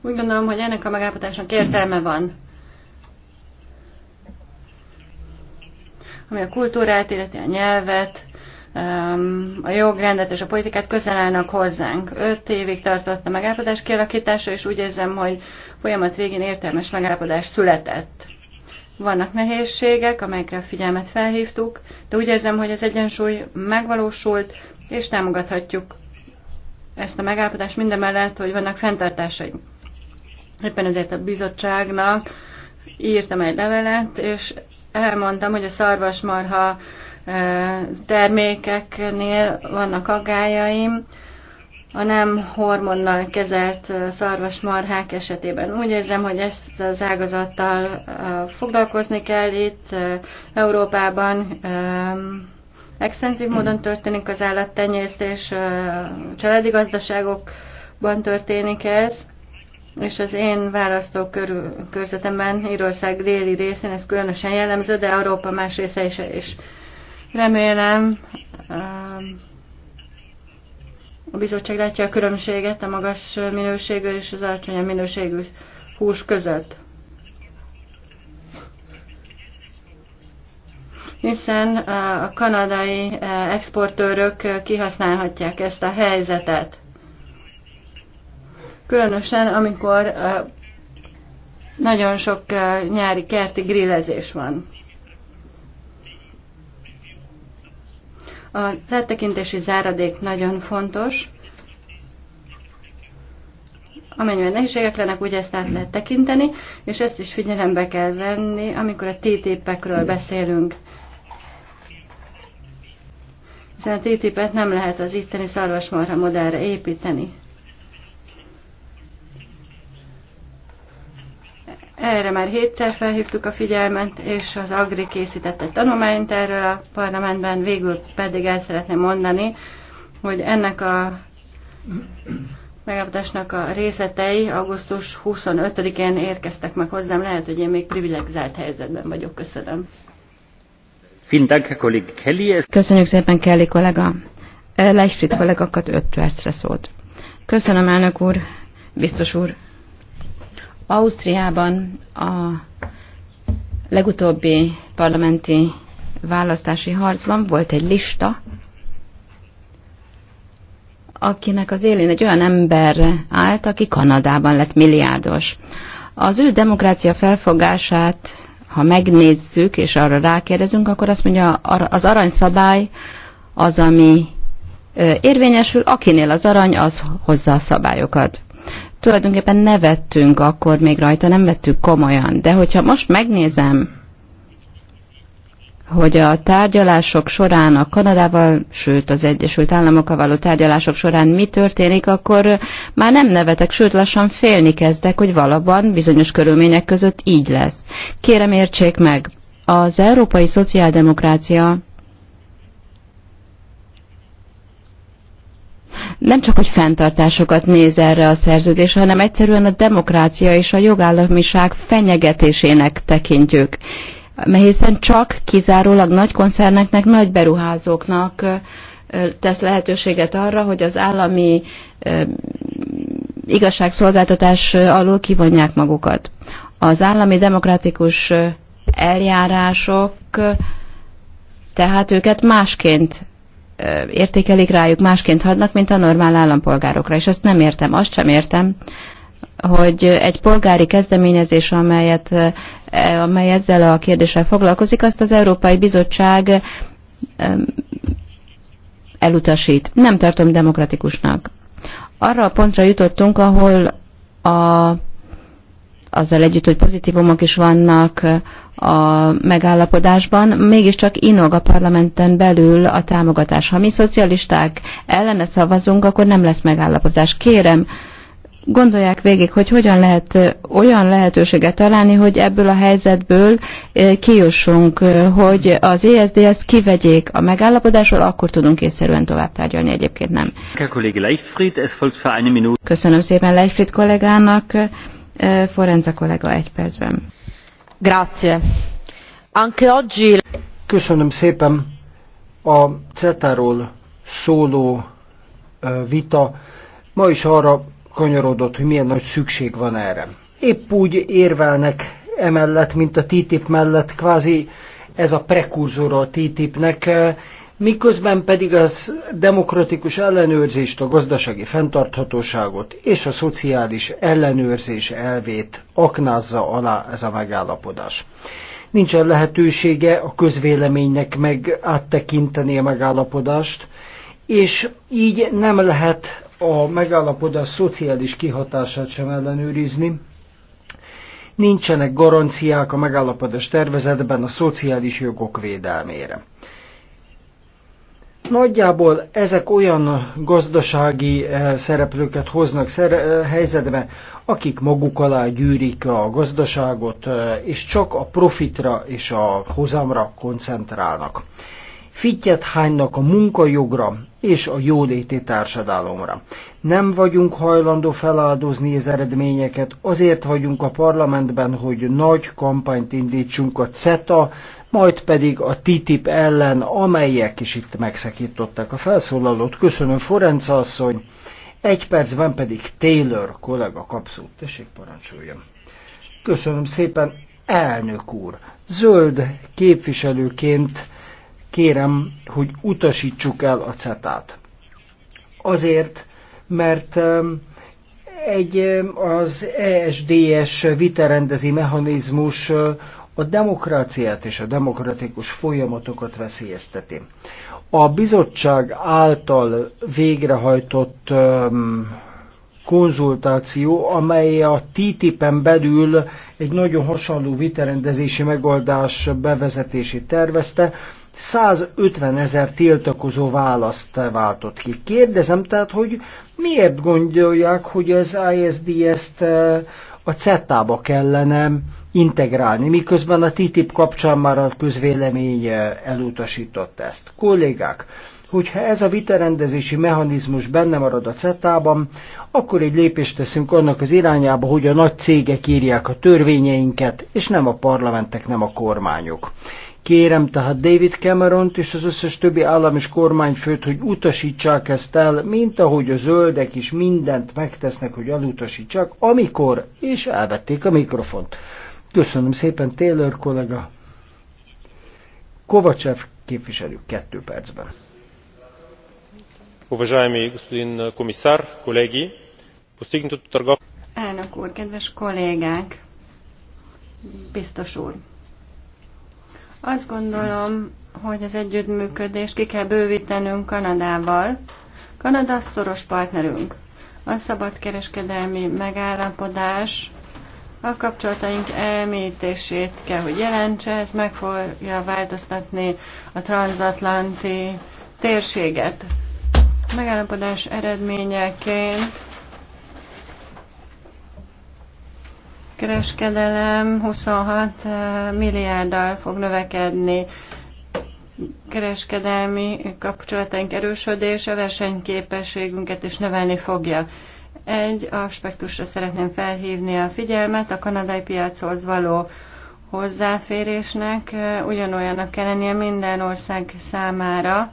Úgy gondolom, hogy ennek a megállapodásnak értelme van. Ami a kultúrát, illeti a nyelvet, um, a jogrendet és a politikát közel állnak hozzánk. Öt évig tartott a megállapodás kialakítása, és úgy érzem, hogy folyamat végén értelmes megállapodás született. Vannak nehézségek, amelyekre a figyelmet felhívtuk, de úgy érzem, hogy az egyensúly megvalósult, és támogathatjuk ezt a megállapodást mindemellett, hogy vannak fenntartásai. Éppen ezért a bizottságnak írtam egy levelet, és elmondtam, hogy a szarvasmarha eh, termékeknél vannak aggájaim, a nem hormonnal kezelt szarvasmarhák esetében. Úgy érzem, hogy ezt az ágazattal foglalkozni kell itt Európában. Extenzív módon történik az állattenyésztés, családi gazdaságokban történik ez, és az én választó körzetemben Írország déli részén ez különösen jellemző, de Európa más része is. is. Remélem, a bizottság látja a különbséget a magas minőségű és az alacsony minőségű hús között. hiszen a kanadai exportőrök kihasználhatják ezt a helyzetet. Különösen, amikor nagyon sok nyári kerti grillezés van. A áttekintési záradék nagyon fontos. Amennyiben nehézségek lennek, úgy ezt át lehet tekinteni, és ezt is figyelembe kell venni, amikor a TTIP-ekről beszélünk. Hiszen a TTIP-et nem lehet az itteni szarvasmarha modellre építeni. Erre már hétszer felhívtuk a figyelmet, és az Agri készített egy tanulmányt erről a parlamentben, végül pedig el szeretném mondani, hogy ennek a megállapodásnak a részletei augusztus 25-én érkeztek meg hozzám, lehet, hogy én még privilegizált helyzetben vagyok. Köszönöm. Köszönjük szépen, Kelly kollega. Leifrit kollégakat 5 percre szólt. Köszönöm, elnök úr, biztos úr. Ausztriában a legutóbbi parlamenti választási harcban volt egy lista, akinek az élén egy olyan ember állt, aki Kanadában lett milliárdos. Az ő demokrácia felfogását, ha megnézzük és arra rákérdezünk, akkor azt mondja, az aranyszabály az, ami érvényesül, akinél az arany, az hozza a szabályokat tulajdonképpen nevettünk akkor még rajta, nem vettük komolyan. De hogyha most megnézem, hogy a tárgyalások során a Kanadával, sőt az Egyesült Államokkal való tárgyalások során mi történik, akkor már nem nevetek, sőt lassan félni kezdek, hogy valaban bizonyos körülmények között így lesz. Kérem értsék meg, az európai szociáldemokrácia nem csak, hogy fenntartásokat néz erre a szerződés, hanem egyszerűen a demokrácia és a jogállamiság fenyegetésének tekintjük. Mert hiszen csak kizárólag nagy koncerneknek, nagy beruházóknak tesz lehetőséget arra, hogy az állami igazságszolgáltatás alól kivonják magukat. Az állami demokratikus eljárások tehát őket másként értékelik rájuk, másként hadnak, mint a normál állampolgárokra. És ezt nem értem, azt sem értem, hogy egy polgári kezdeményezés, amelyet, amely ezzel a kérdéssel foglalkozik, azt az Európai Bizottság elutasít. Nem tartom demokratikusnak. Arra a pontra jutottunk, ahol a azzal együtt, hogy pozitívumok is vannak a megállapodásban, mégiscsak inog a parlamenten belül a támogatás. Ha mi szocialisták ellene szavazunk, akkor nem lesz megállapodás. Kérem, gondolják végig, hogy hogyan lehet olyan lehetőséget találni, hogy ebből a helyzetből kijussunk, hogy az ESDS-t kivegyék a megállapodásról, akkor tudunk észszerűen tovább tárgyalni, egyébként nem. Köszönöm szépen Leichfried kollégának. Forenza kollega egy percben. Grazie. Anche oggi... Köszönöm szépen. A CETA-ról szóló vita ma is arra kanyarodott, hogy milyen nagy szükség van erre. Épp úgy érvelnek emellett, mint a TTIP mellett, kvázi ez a prekurzora a TTIP-nek, miközben pedig az demokratikus ellenőrzést, a gazdasági fenntarthatóságot és a szociális ellenőrzés elvét aknázza alá ez a megállapodás. Nincsen lehetősége a közvéleménynek meg áttekinteni a megállapodást, és így nem lehet a megállapodás szociális kihatását sem ellenőrizni, nincsenek garanciák a megállapodás tervezetben a szociális jogok védelmére. Nagyjából ezek olyan gazdasági eh, szereplőket hoznak szere eh, helyzetbe, akik maguk alá gyűrik a gazdaságot, eh, és csak a profitra és a hozamra koncentrálnak. Fittyet hánynak a munkajogra és a jóléti társadalomra. Nem vagyunk hajlandó feláldozni az eredményeket, azért vagyunk a parlamentben, hogy nagy kampányt indítsunk a CETA majd pedig a TTIP ellen, amelyek is itt megszakították a felszólalót. Köszönöm, Forenc asszony. Egy percben pedig Taylor kollega kapszót. Tessék, parancsoljon. Köszönöm szépen, elnök úr. Zöld képviselőként kérem, hogy utasítsuk el a cetát. Azért, mert egy az ESDS vitarendezi mechanizmus a demokráciát és a demokratikus folyamatokat veszélyezteti. A bizottság által végrehajtott um, konzultáció, amely a TTIP-en belül egy nagyon hasonló vitarendezési megoldás bevezetését tervezte, 150 ezer tiltakozó választ váltott ki. Kérdezem tehát, hogy miért gondolják, hogy az isd ezt a CETA-ba kellene integrálni, miközben a TTIP kapcsán már a közvélemény eh, elutasított ezt. Kollégák, hogyha ez a vitarendezési mechanizmus benne marad a CETA-ban, akkor egy lépést teszünk annak az irányába, hogy a nagy cégek írják a törvényeinket, és nem a parlamentek, nem a kormányok. Kérem tehát David cameron és az összes többi állam és kormányfőt, hogy utasítsák ezt el, mint ahogy a zöldek is mindent megtesznek, hogy elutasítsák, amikor, és elvették a mikrofont. Köszönöm szépen, Taylor kollega. Kovacsev képviselő kettő percben. Уважаемый господин комиссар, коллеги, постигнутото търгов... Elnök úr, kedves kollégák, biztos úr. Azt gondolom, hogy az együttműködést ki kell bővítenünk Kanadával. Kanada szoros partnerünk. A szabadkereskedelmi megállapodás a kapcsolataink elmélyítését kell, hogy jelentse, ez meg fogja változtatni a transatlanti térséget. A megállapodás eredményeként kereskedelem 26 eh, milliárddal fog növekedni. Kereskedelmi kapcsolataink erősödése versenyképességünket is növelni fogja. Egy aspektusra szeretném felhívni a figyelmet, a kanadai piachoz való hozzáférésnek ugyanolyanak kell lennie minden ország számára,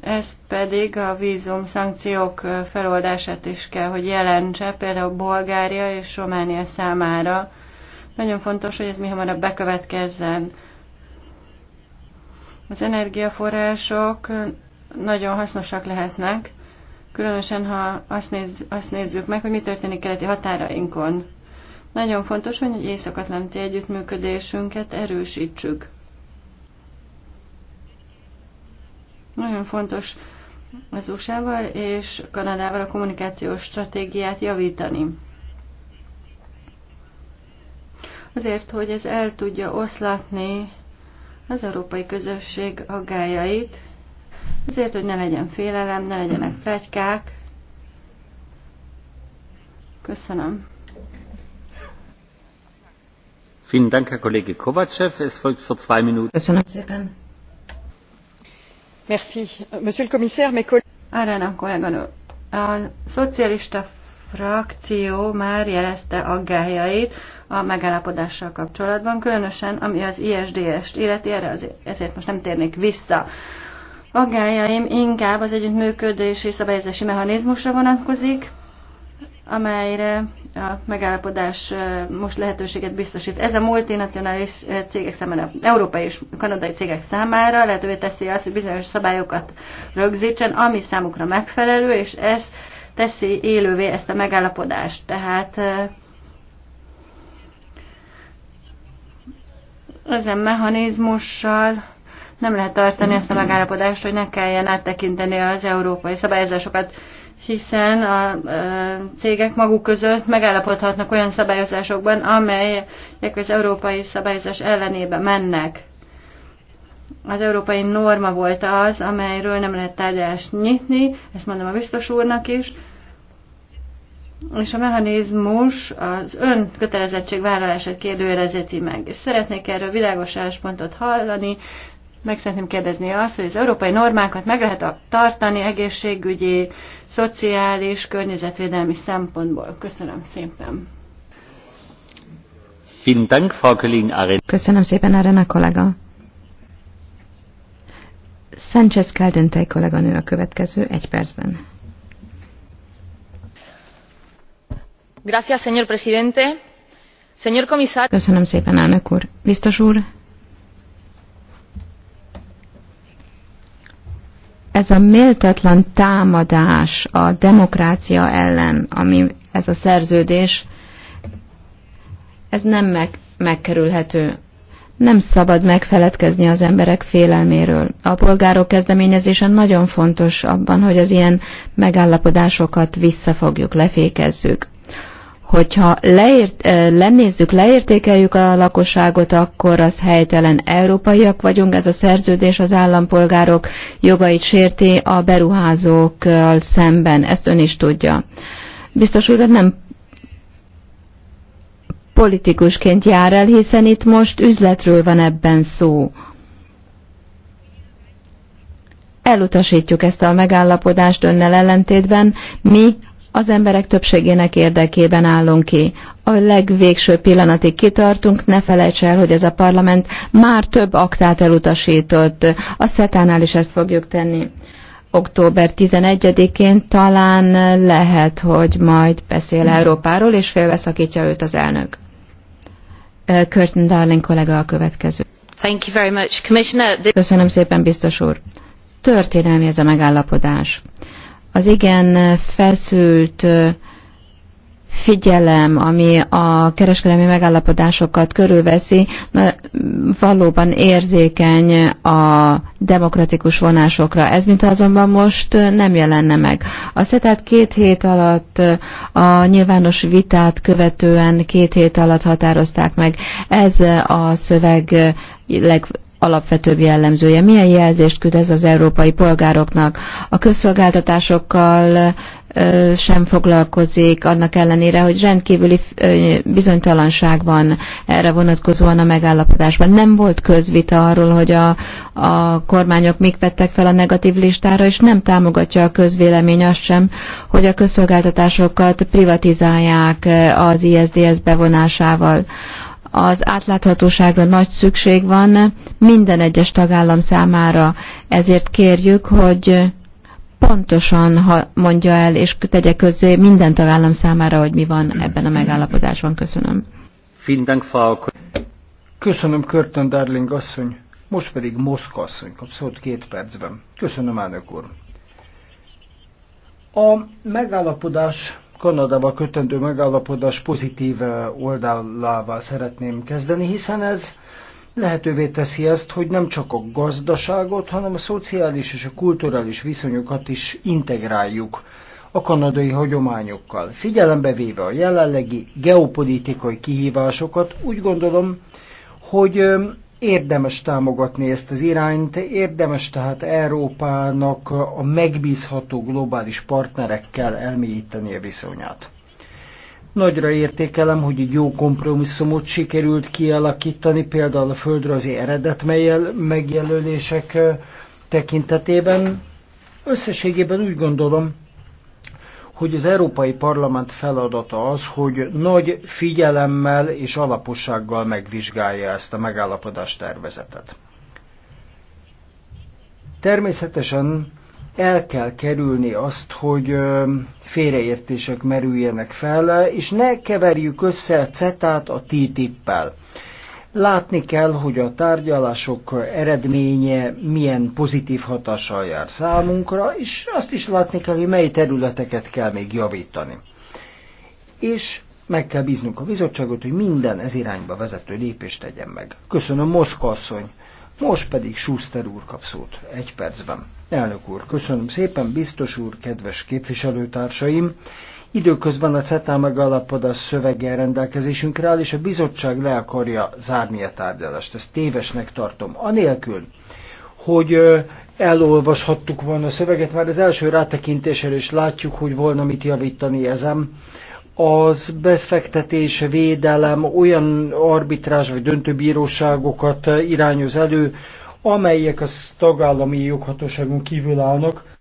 Ezt pedig a vízum szankciók feloldását is kell, hogy jelentse, például Bulgária és Románia számára. Nagyon fontos, hogy ez mi hamarabb bekövetkezzen. Az energiaforrások nagyon hasznosak lehetnek, Különösen, ha azt, néz, azt nézzük meg, hogy mi történik keleti határainkon. Nagyon fontos, hogy észak-atlanti együttműködésünket erősítsük. Nagyon fontos az USA-val és Kanadával a kommunikációs stratégiát javítani. Azért, hogy ez el tudja oszlatni az európai közösség aggájait, azért, hogy ne legyen félelem, ne legyenek plegykák. Köszönöm. Vielen Dank, Herr Kollege Kovacev. Es folgt für zwei Minuten. Köszönöm szépen. Merci. Monsieur le Commissaire, mes collègues. kolléganő, a szocialista frakció már jelezte aggájait a megállapodással kapcsolatban, különösen ami az ISDS-t illeti, erre azért, ezért most nem térnék vissza. Aggájaim inkább az együttműködési szabályozási mechanizmusra vonatkozik, amelyre a megállapodás most lehetőséget biztosít. Ez a multinacionális cégek számára, európai és kanadai cégek számára lehetővé teszi azt, hogy bizonyos szabályokat rögzítsen, ami számukra megfelelő, és ez teszi élővé ezt a megállapodást. Tehát ezen mechanizmussal nem lehet tartani ezt a megállapodást, hogy ne kelljen áttekinteni az európai szabályozásokat, hiszen a cégek maguk között megállapodhatnak olyan szabályozásokban, amelyek az európai szabályozás ellenébe mennek. Az európai norma volt az, amelyről nem lehet tárgyalást nyitni, ezt mondom a biztos úrnak is, és a mechanizmus az ön kötelezettség vállalását kérdőjelezeti meg. És szeretnék erről világos álláspontot hallani, meg szeretném kérdezni azt, hogy az európai normákat meg lehet tartani egészségügyi, szociális, környezetvédelmi szempontból. Köszönöm szépen. Köszönöm szépen, Arena kollega. Sánchez Caldentei kolléganő a következő egy percben. Gracias, señor presidente. Señor comisar... Köszönöm szépen, elnök úr. Biztos úr, ez a méltatlan támadás a demokrácia ellen, ami ez a szerződés, ez nem meg, megkerülhető. Nem szabad megfeledkezni az emberek félelméről. A polgárok kezdeményezése nagyon fontos abban, hogy az ilyen megállapodásokat visszafogjuk, lefékezzük hogyha leért, eh, lenézzük, leértékeljük a lakosságot, akkor az helytelen európaiak vagyunk, ez a szerződés az állampolgárok jogait sérti a beruházók szemben, ezt ön is tudja. Biztos úr, nem politikusként jár el, hiszen itt most üzletről van ebben szó. Elutasítjuk ezt a megállapodást önnel ellentétben, mi az emberek többségének érdekében állunk ki. A legvégső pillanatig kitartunk, ne felejts el, hogy ez a parlament már több aktát elutasított. A szetánál is ezt fogjuk tenni. Október 11-én talán lehet, hogy majd beszél Európáról, és félveszakítja őt az elnök. Curtin Darling kollega a következő. Thank you very much, Commissioner. Köszönöm szépen, biztos úr. Történelmi ez a megállapodás az igen feszült figyelem, ami a kereskedelmi megállapodásokat körülveszi, na, valóban érzékeny a demokratikus vonásokra. Ez mint azonban most nem jelenne meg. A tehát két hét alatt a nyilvános vitát követően két hét alatt határozták meg. Ez a szöveg leg, alapvetőbb jellemzője. Milyen jelzést küld ez az európai polgároknak? A közszolgáltatásokkal sem foglalkozik, annak ellenére, hogy rendkívüli bizonytalanság van erre vonatkozóan a megállapodásban. Nem volt közvita arról, hogy a, a kormányok mik vettek fel a negatív listára, és nem támogatja a közvélemény azt sem, hogy a közszolgáltatásokat privatizálják az ISDS bevonásával az átláthatóságra nagy szükség van minden egyes tagállam számára, ezért kérjük, hogy pontosan ha mondja el és tegye közzé minden tagállam számára, hogy mi van ebben a megállapodásban. Köszönöm. Köszönöm, Körtön Darling asszony. Most pedig Moszka asszony kap szót két percben. Köszönöm, elnök úr. A megállapodás Kanadával kötendő megállapodás pozitív eh, oldalával szeretném kezdeni, hiszen ez lehetővé teszi ezt, hogy nem csak a gazdaságot, hanem a szociális és a kulturális viszonyokat is integráljuk a kanadai hagyományokkal. Figyelembe véve a jelenlegi geopolitikai kihívásokat, úgy gondolom, hogy eh, Érdemes támogatni ezt az irányt, érdemes tehát Európának a megbízható globális partnerekkel elmélyíteni a viszonyát. Nagyra értékelem, hogy egy jó kompromisszumot sikerült kialakítani, például a földrajzi eredet megjelölések tekintetében. Összességében úgy gondolom, hogy az Európai Parlament feladata az, hogy nagy figyelemmel és alapossággal megvizsgálja ezt a megállapodás tervezetet. Természetesen el kell kerülni azt, hogy félreértések merüljenek fel, és ne keverjük össze a CETÁT a TTIP-pel. Látni kell, hogy a tárgyalások eredménye milyen pozitív hatással jár számunkra, és azt is látni kell, hogy mely területeket kell még javítani. És meg kell bíznunk a bizottságot, hogy minden ez irányba vezető lépést tegyen meg. Köszönöm, Moszka asszony! Most pedig Schuster úr kap szót, egy percben. Elnök úr, köszönöm szépen, biztos úr, kedves képviselőtársaim! Időközben a CETA megalapodás szöveggel rendelkezésünkre áll, és a bizottság le akarja zárni a tárgyalást. Ezt tévesnek tartom. Anélkül, hogy elolvashattuk volna a szöveget, már az első rátekintéssel is látjuk, hogy volna mit javítani ezen. Az befektetés védelem olyan arbitrás vagy döntőbíróságokat irányoz elő, amelyek a tagállami joghatóságon kívül állnak,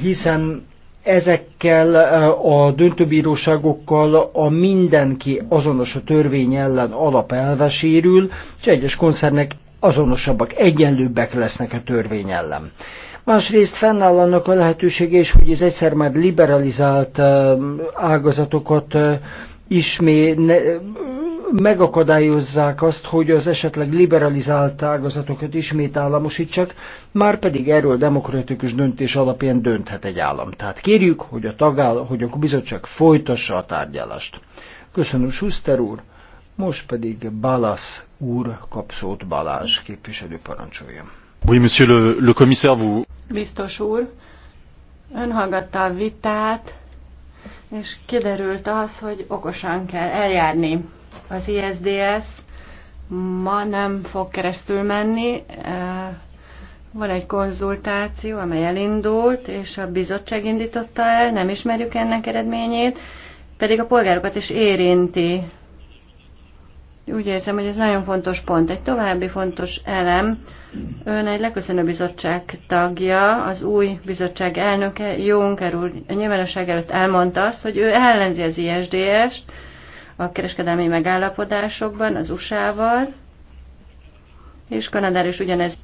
hiszen ezekkel eh, a döntőbíróságokkal a mindenki azonos a törvény ellen alapelve sérül, és egyes koncernek azonosabbak, egyenlőbbek lesznek a törvény ellen. Másrészt fennáll annak a lehetősége is, hogy ez egyszer már liberalizált eh, ágazatokat eh, ismét megakadályozzák azt, hogy az esetleg liberalizált ágazatokat ismét államosítsák, már pedig erről demokratikus döntés alapján dönthet egy állam. Tehát kérjük, hogy a tagáll, hogy a bizottság folytassa a tárgyalást. Köszönöm, Schuster úr! Most pedig Balasz úr kap szót Balázs képviselő parancsolja. Oui, monsieur le, le commissaire, vous... Biztos úr, ön hallgatta a vitát, és kiderült az, hogy okosan kell eljárni az ISDS ma nem fog keresztül menni. Van egy konzultáció, amely elindult, és a bizottság indította el, nem ismerjük ennek eredményét, pedig a polgárokat is érinti. Úgy érzem, hogy ez nagyon fontos pont. Egy további fontos elem, ön egy leköszönő bizottság tagja, az új bizottság elnöke, Jónker úr nyilvánosság előtt elmondta azt, hogy ő ellenzi az ISDS-t, a kereskedelmi megállapodásokban az USA-val, és Kanadár is ugyanez.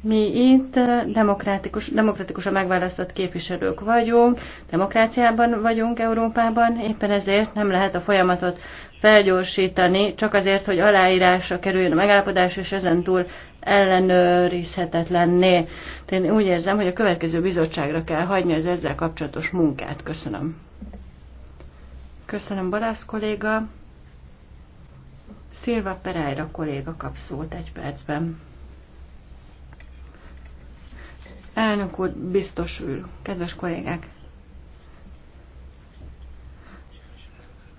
Mi itt eh, demokratikus, demokratikusan megválasztott képviselők vagyunk, demokráciában vagyunk Európában, éppen ezért nem lehet a folyamatot felgyorsítani, csak azért, hogy aláírásra kerüljön a megállapodás, és ezentúl ellenőrizhetetlenné. én úgy érzem, hogy a következő bizottságra kell hagyni az ezzel kapcsolatos munkát. Köszönöm. Köszönöm, Balász kolléga. Szilva Perájra kolléga kap szót egy percben. Elnök úr, biztos ül. Kedves kollégák,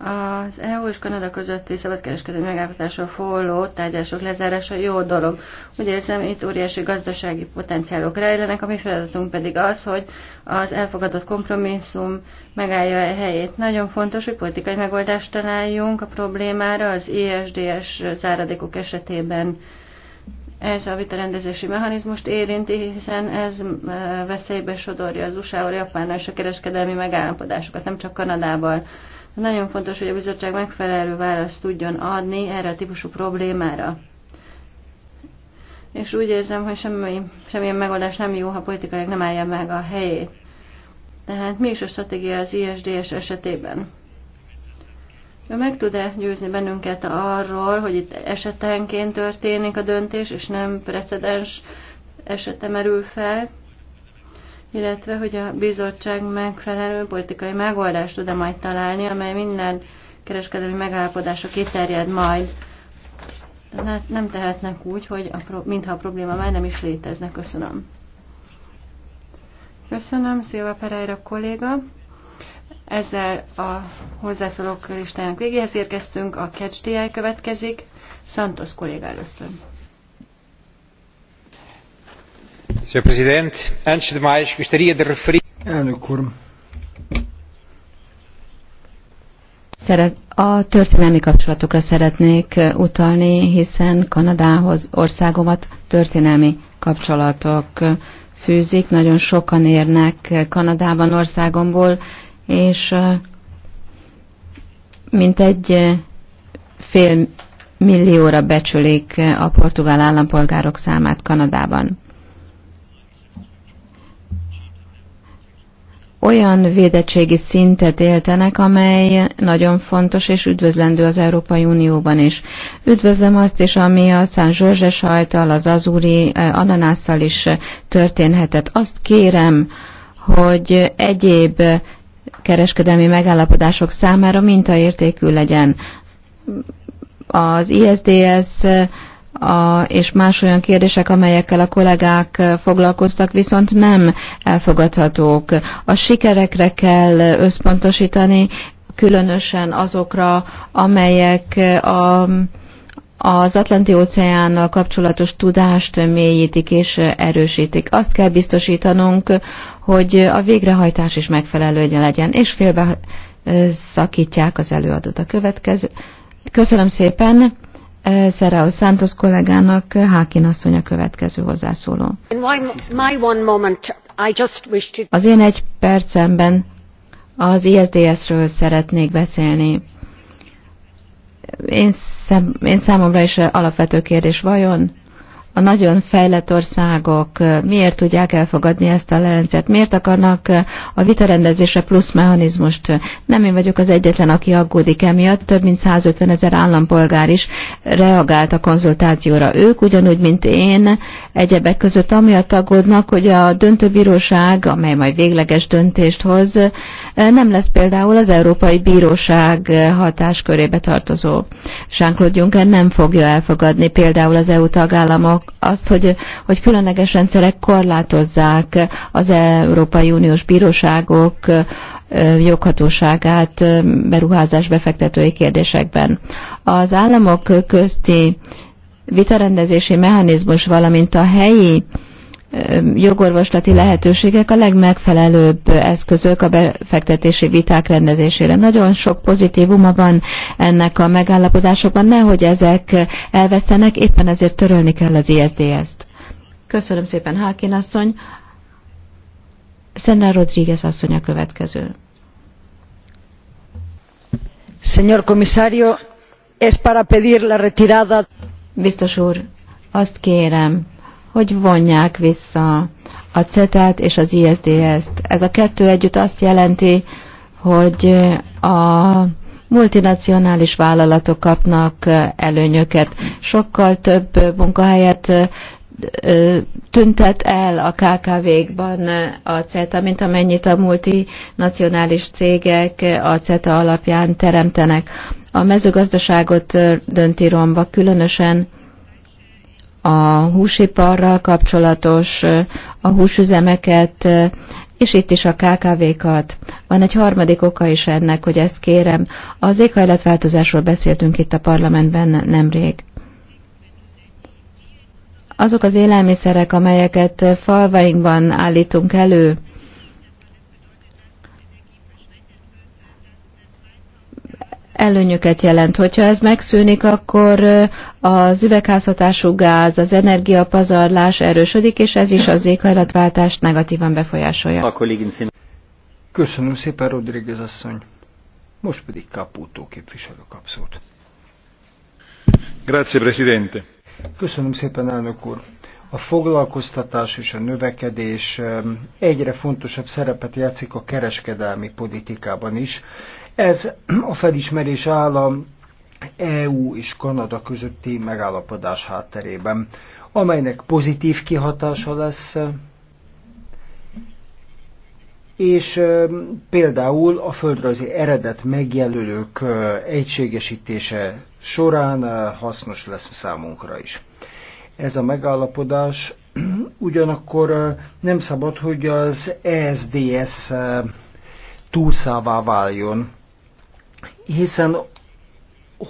Az EU és Kanada közötti szabadkereskedő megállapotásról forró tárgyalások lezárása jó dolog. Úgy érzem, itt óriási gazdasági potenciálok rejlenek, a mi feladatunk pedig az, hogy az elfogadott kompromisszum megállja a e helyét. Nagyon fontos, hogy politikai megoldást találjunk a problémára az ISDS záradékok esetében. Ez a vitarendezési mechanizmust érinti, hiszen ez veszélybe sodorja az USA-val, Japánnal és a kereskedelmi megállapodásokat, nem csak Kanadával. Nagyon fontos, hogy a bizottság megfelelő választ tudjon adni erre a típusú problémára. És úgy érzem, hogy semmi, semmilyen megoldás nem jó, ha politikai nem állja meg a helyét. Tehát mi is a stratégia az ISDS esetében? Ő meg tud-e győzni bennünket arról, hogy itt esetenként történik a döntés, és nem precedens esete merül fel? illetve hogy a bizottság megfelelő politikai megoldást tud-e majd találni, amely minden kereskedelmi megállapodásra kiterjed majd. Tehát nem tehetnek úgy, hogy a, mintha a probléma már nem is létezne. Köszönöm. Köszönöm, Szilva Pereira kolléga. Ezzel a hozzászólók listájának végéhez érkeztünk, a Catch DI következik. Santos kolléga először. Elnök úr! a történelmi kapcsolatokra szeretnék utalni, hiszen Kanadához országomat történelmi kapcsolatok fűzik. Nagyon sokan érnek Kanadában országomból, és mint egy fél millióra becsülik a portugál állampolgárok számát Kanadában. olyan védettségi szintet éltenek, amely nagyon fontos és üdvözlendő az Európai Unióban is. Üdvözlöm azt is, ami a Szent Zsorzses hajtal, az azúri eh, ananásszal is történhetett. Azt kérem, hogy egyéb kereskedelmi megállapodások számára mintaértékű legyen. Az ISDS a, és más olyan kérdések, amelyekkel a kollégák foglalkoztak, viszont nem elfogadhatók. A sikerekre kell összpontosítani, különösen azokra, amelyek a, az Atlanti óceánnal kapcsolatos tudást mélyítik és erősítik. Azt kell biztosítanunk, hogy a végrehajtás is megfelelő legyen, és félbe szakítják az előadót a következő. Köszönöm szépen! Szerao Santos kollégának Hákin asszony a következő hozzászóló. Az én egy percemben az ISDS-ről szeretnék beszélni. Én, szem, én számomra is alapvető kérdés, vajon a nagyon fejlett országok miért tudják elfogadni ezt a rendszert, miért akarnak a vitarendezésre plusz mechanizmust. Nem én vagyok az egyetlen, aki aggódik emiatt, több mint 150 ezer állampolgár is reagált a konzultációra. Ők ugyanúgy, mint én, egyebek között amiatt aggódnak, hogy a döntőbíróság, amely majd végleges döntést hoz, nem lesz például az Európai Bíróság hatáskörébe tartozó. Jean-Claude Juncker nem fogja elfogadni például az EU tagállamok azt, hogy, hogy különleges rendszerek korlátozzák az Európai Uniós bíróságok joghatóságát beruházás befektetői kérdésekben. Az államok közti vitarendezési mechanizmus, valamint a helyi jogorvoslati lehetőségek a legmegfelelőbb eszközök a befektetési viták rendezésére. Nagyon sok pozitívuma van ennek a megállapodásokban, nehogy ezek elvesztenek, éppen ezért törölni kell az ISDS-t. Köszönöm szépen, Hákin asszony. Szenna Rodríguez asszony a következő. Señor comisario, es para pedir la retirada. Biztos úr, azt kérem, hogy vonják vissza a CETÁT és az ISDS-t. Ez a kettő együtt azt jelenti, hogy a multinacionális vállalatok kapnak előnyöket. Sokkal több munkahelyet tüntet el a KKV-kban a CETA, mint amennyit a multinacionális cégek a CETA alapján teremtenek. A mezőgazdaságot dönti romba, különösen a húsiparral kapcsolatos, a húsüzemeket, és itt is a KKV-kat. Van egy harmadik oka is ennek, hogy ezt kérem. Az éghajlatváltozásról beszéltünk itt a parlamentben nemrég. Azok az élelmiszerek, amelyeket falvainkban állítunk elő, előnyöket jelent. Hogyha ez megszűnik, akkor az üvegházhatású gáz, az energiapazarlás erősödik, és ez is az éghajlatváltást negatívan befolyásolja. A Köszönöm szépen, Rodríguez asszony. Most pedig Caputo képviselő kap szót. Grazie, Presidente. Köszönöm szépen, elnök úr. A foglalkoztatás és a növekedés egyre fontosabb szerepet játszik a kereskedelmi politikában is, ez a felismerés a EU és Kanada közötti megállapodás hátterében, amelynek pozitív kihatása lesz, és például a földrajzi eredet megjelölők egységesítése során hasznos lesz számunkra is. Ez a megállapodás ugyanakkor nem szabad, hogy az ESDS túlszává váljon, hiszen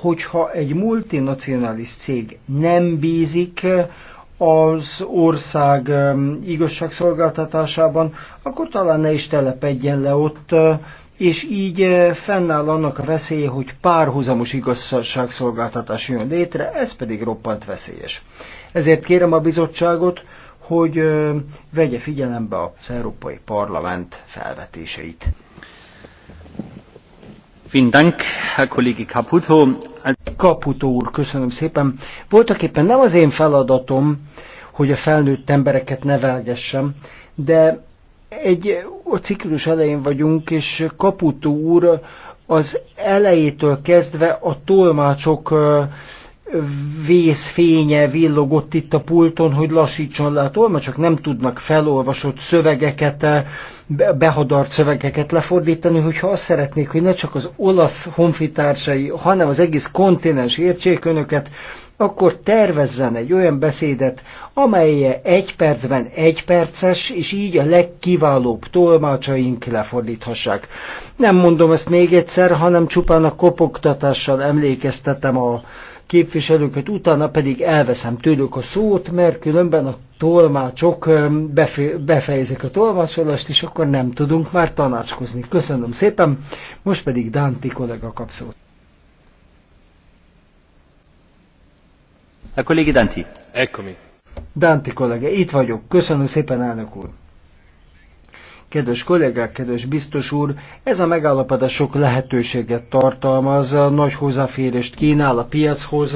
hogyha egy multinacionális cég nem bízik eh, az ország eh, igazságszolgáltatásában, akkor talán ne is telepedjen le ott, eh, és így fennáll annak a veszélye, hogy párhuzamos igazságszolgáltatás jön létre, ez pedig roppant veszélyes. Ezért kérem a bizottságot, hogy vegye figyelembe az Európai Parlament felvetéseit. Caputo úr, köszönöm szépen. Voltak éppen nem az én feladatom, hogy a felnőtt embereket nevelgessem, de egy a ciklus elején vagyunk, és Caputo úr az elejétől kezdve a tolmácsok vészfénye villogott itt a pulton, hogy lassítson le a tolma, csak nem tudnak felolvasott szövegeket, eh, behadart szövegeket lefordítani, hogyha azt szeretnék, hogy ne csak az olasz honfitársai, hanem az egész kontinens értsék önöket, akkor tervezzen egy olyan beszédet, amelye egy percben egy perces, és így a legkiválóbb tolmácsaink lefordíthassák. Nem mondom ezt még egyszer, hanem csupán a kopogtatással emlékeztetem a képviselőket, utána pedig elveszem tőlük a szót, mert különben a tolmácsok befejezik a tolmácsolást, és akkor nem tudunk már tanácskozni. Köszönöm szépen, most pedig Dánti kollega kap szót. A kollégi Danti. Eccomi. Danti kollega, itt vagyok. Köszönöm szépen, elnök úr. Kedves kollégák, kedves biztos úr, ez a megállapodás sok lehetőséget tartalmaz, nagy hozzáférést kínál a piachoz,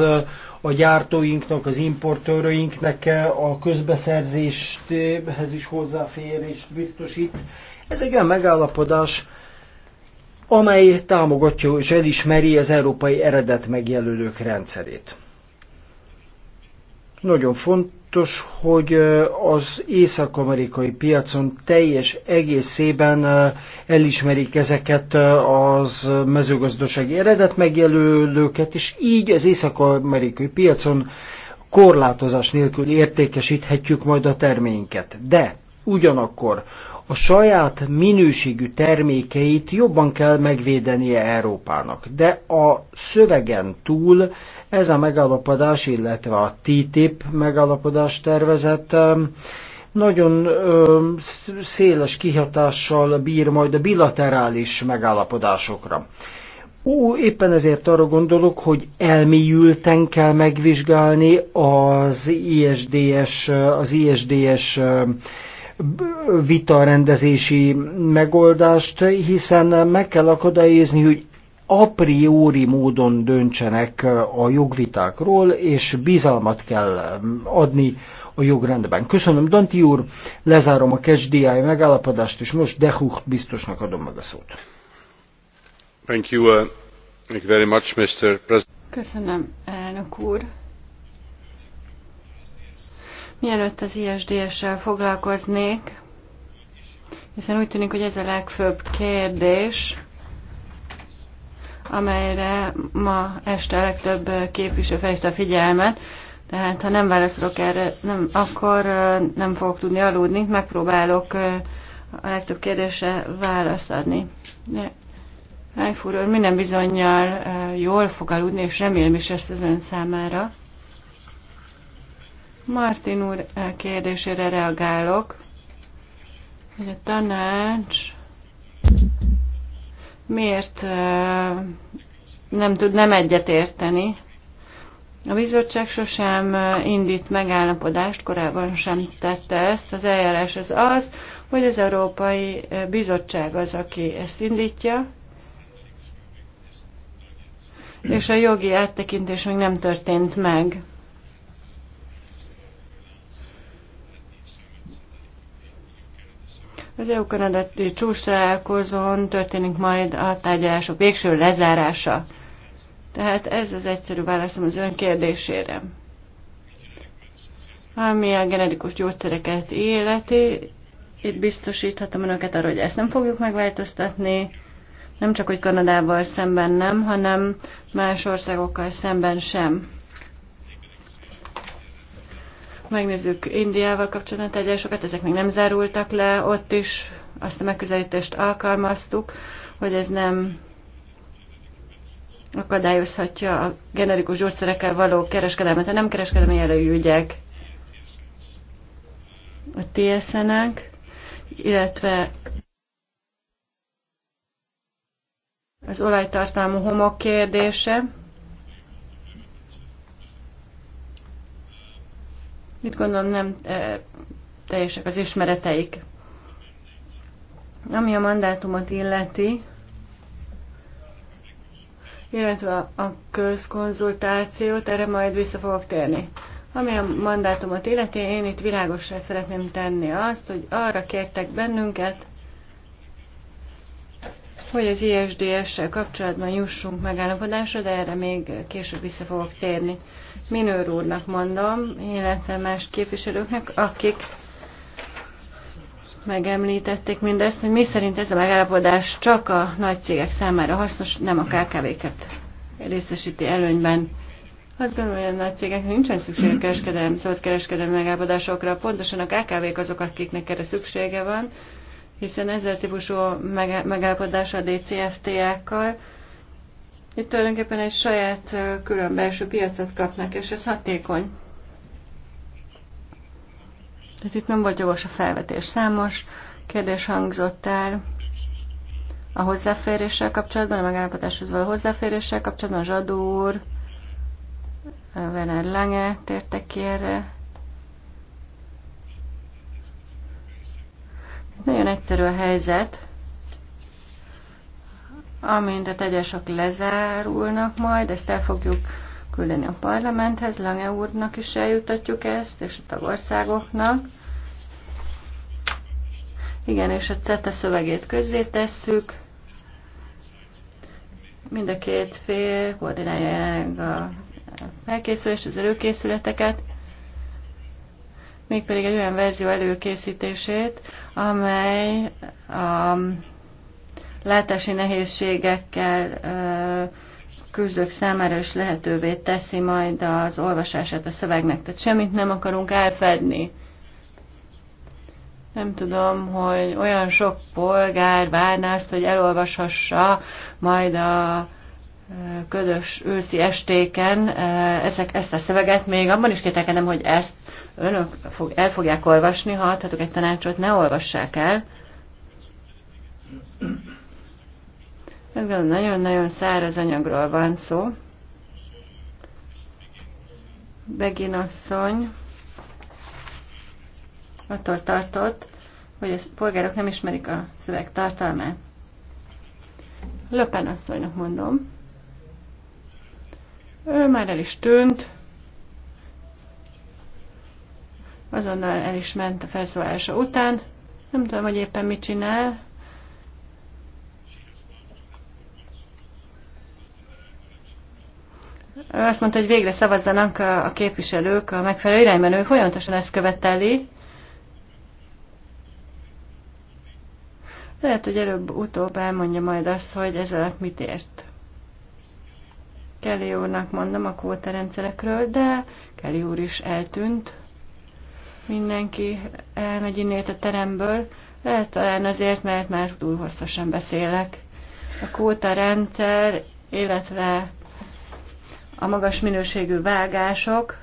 a gyártóinknak, az importőröinknek a közbeszerzéshez is hozzáférést biztosít. Ez egy olyan megállapodás, amely támogatja és elismeri az európai eredet megjelölők rendszerét. Nagyon font, biztos, hogy az észak-amerikai piacon teljes egészében elismerik ezeket az mezőgazdasági eredet megjelölőket, és így az észak-amerikai piacon korlátozás nélkül értékesíthetjük majd a terményeket. De ugyanakkor a saját minőségű termékeit jobban kell megvédenie Európának. De a szövegen túl ez a megalapodás, illetve a TTIP megalapodás tervezett nagyon ö, széles kihatással bír majd a bilaterális megállapodásokra. Ó, éppen ezért arra gondolok, hogy elmélyülten kell megvizsgálni az ISDS, az ISDS vitarendezési megoldást, hiszen meg kell akadályozni, hogy a priori módon döntsenek a jogvitákról, és bizalmat kell adni a jogrendben. Köszönöm, Danti úr, lezárom a KSDI megállapodást, és most Dehucht biztosnak adom meg a szót. Thank you, uh, thank you very much, Mr. President. Köszönöm, elnök úr. Mielőtt az ISDS-sel foglalkoznék, hiszen úgy tűnik, hogy ez a legfőbb kérdés, amelyre ma este a legtöbb képviselő felhívta a figyelmet, tehát ha nem válaszolok erre, nem, akkor nem fogok tudni aludni, megpróbálok a legtöbb kérdésre választ adni. Lányfúr Lájfúr minden bizonyal jól fog aludni, és remélem is ezt az ön számára. Martin úr kérdésére reagálok, hogy a tanács miért nem tud nem egyetérteni. A bizottság sosem indít megállapodást, korábban sem tette ezt. Az eljárás az az, hogy az Európai Bizottság az, aki ezt indítja, és a jogi áttekintés még nem történt meg. Az EU-kanadai csúcstalálkozón történik majd a tárgyalások végső lezárása. Tehát ez az egyszerű válaszom az ön kérdésére. Ami a genetikus gyógyszereket életi, itt biztosíthatom önöket arra, hogy ezt nem fogjuk megváltoztatni, nem csak, hogy Kanadával szemben nem, hanem más országokkal szemben sem megnézzük Indiával kapcsolatban tárgyalásokat, ezek még nem zárultak le, ott is azt a megközelítést alkalmaztuk, hogy ez nem akadályozhatja a generikus gyógyszerekkel való kereskedelmet, de nem kereskedelmi jellegű ügyek a tsn illetve az olajtartalmú homok kérdése. mit gondolom nem teljesek az ismereteik. Ami a mandátumot illeti, illetve a közkonzultációt, erre majd vissza fogok térni. Ami a mandátumot illeti, én itt világosra szeretném tenni azt, hogy arra kértek bennünket, hogy az ISDS-sel kapcsolatban jussunk megállapodásra, de erre még később vissza fogok térni. Minőr úrnak mondom, illetve más képviselőknek, akik megemlítették mindezt, hogy mi szerint ez a megállapodás csak a nagy cégek számára hasznos, nem a KKV-ket részesíti előnyben. Azt gondolom, hogy a nagy cégek nincsen szükség a kereskedelem, szabad kereskedelmi megállapodásokra, pontosan a KKV-k azok, akiknek erre szüksége van, hiszen ezzel típusú megállapodás a DCFTA-kkal itt tulajdonképpen egy saját külön belső piacot kapnak, és ez hatékony. Tehát itt nem volt jogos a felvetés. Számos kérdés hangzott el a hozzáféréssel kapcsolatban, a megállapodáshoz való hozzáféréssel kapcsolatban, Zsadó úr, Werner Lange tértek ki erre. Nagyon egyszerű a helyzet amint a tegyesok lezárulnak majd, ezt el fogjuk küldeni a parlamenthez, Lange úrnak is eljutatjuk ezt, és a tagországoknak. Igen, és a CETA szövegét közzé tesszük. Mind a két fél koordinálják a felkészülést, az előkészületeket, mégpedig egy olyan verzió előkészítését, amely a látási nehézségekkel küzdők számára is lehetővé teszi majd az olvasását a szövegnek. Tehát semmit nem akarunk elfedni. Nem tudom, hogy olyan sok polgár várná azt, hogy elolvashassa majd a ködös őszi estéken ezek, ezt a szöveget. Még abban is kételkedem, hogy ezt önök fog, el fogják olvasni, ha adhatok egy tanácsot, ne olvassák el. nagyon-nagyon száraz anyagról van szó. Begin asszony attól tartott, hogy a polgárok nem ismerik a szöveg tartalmát. Löpen asszonynak mondom. Ő már el is tűnt. Azonnal el is ment a felszólása után. Nem tudom, hogy éppen mit csinál. azt mondta, hogy végre szavazzanak a képviselők a megfelelő irányban. Ő folyamatosan ezt követeli. Lehet, hogy előbb-utóbb elmondja majd azt, hogy ez alatt mit ért. Kelly úrnak mondom a rendszerekről, de Kelly úr is eltűnt. Mindenki elmegy innét a teremből. Lehet talán azért, mert már túl hosszasan beszélek. A rendszer, illetve a magas minőségű vágások,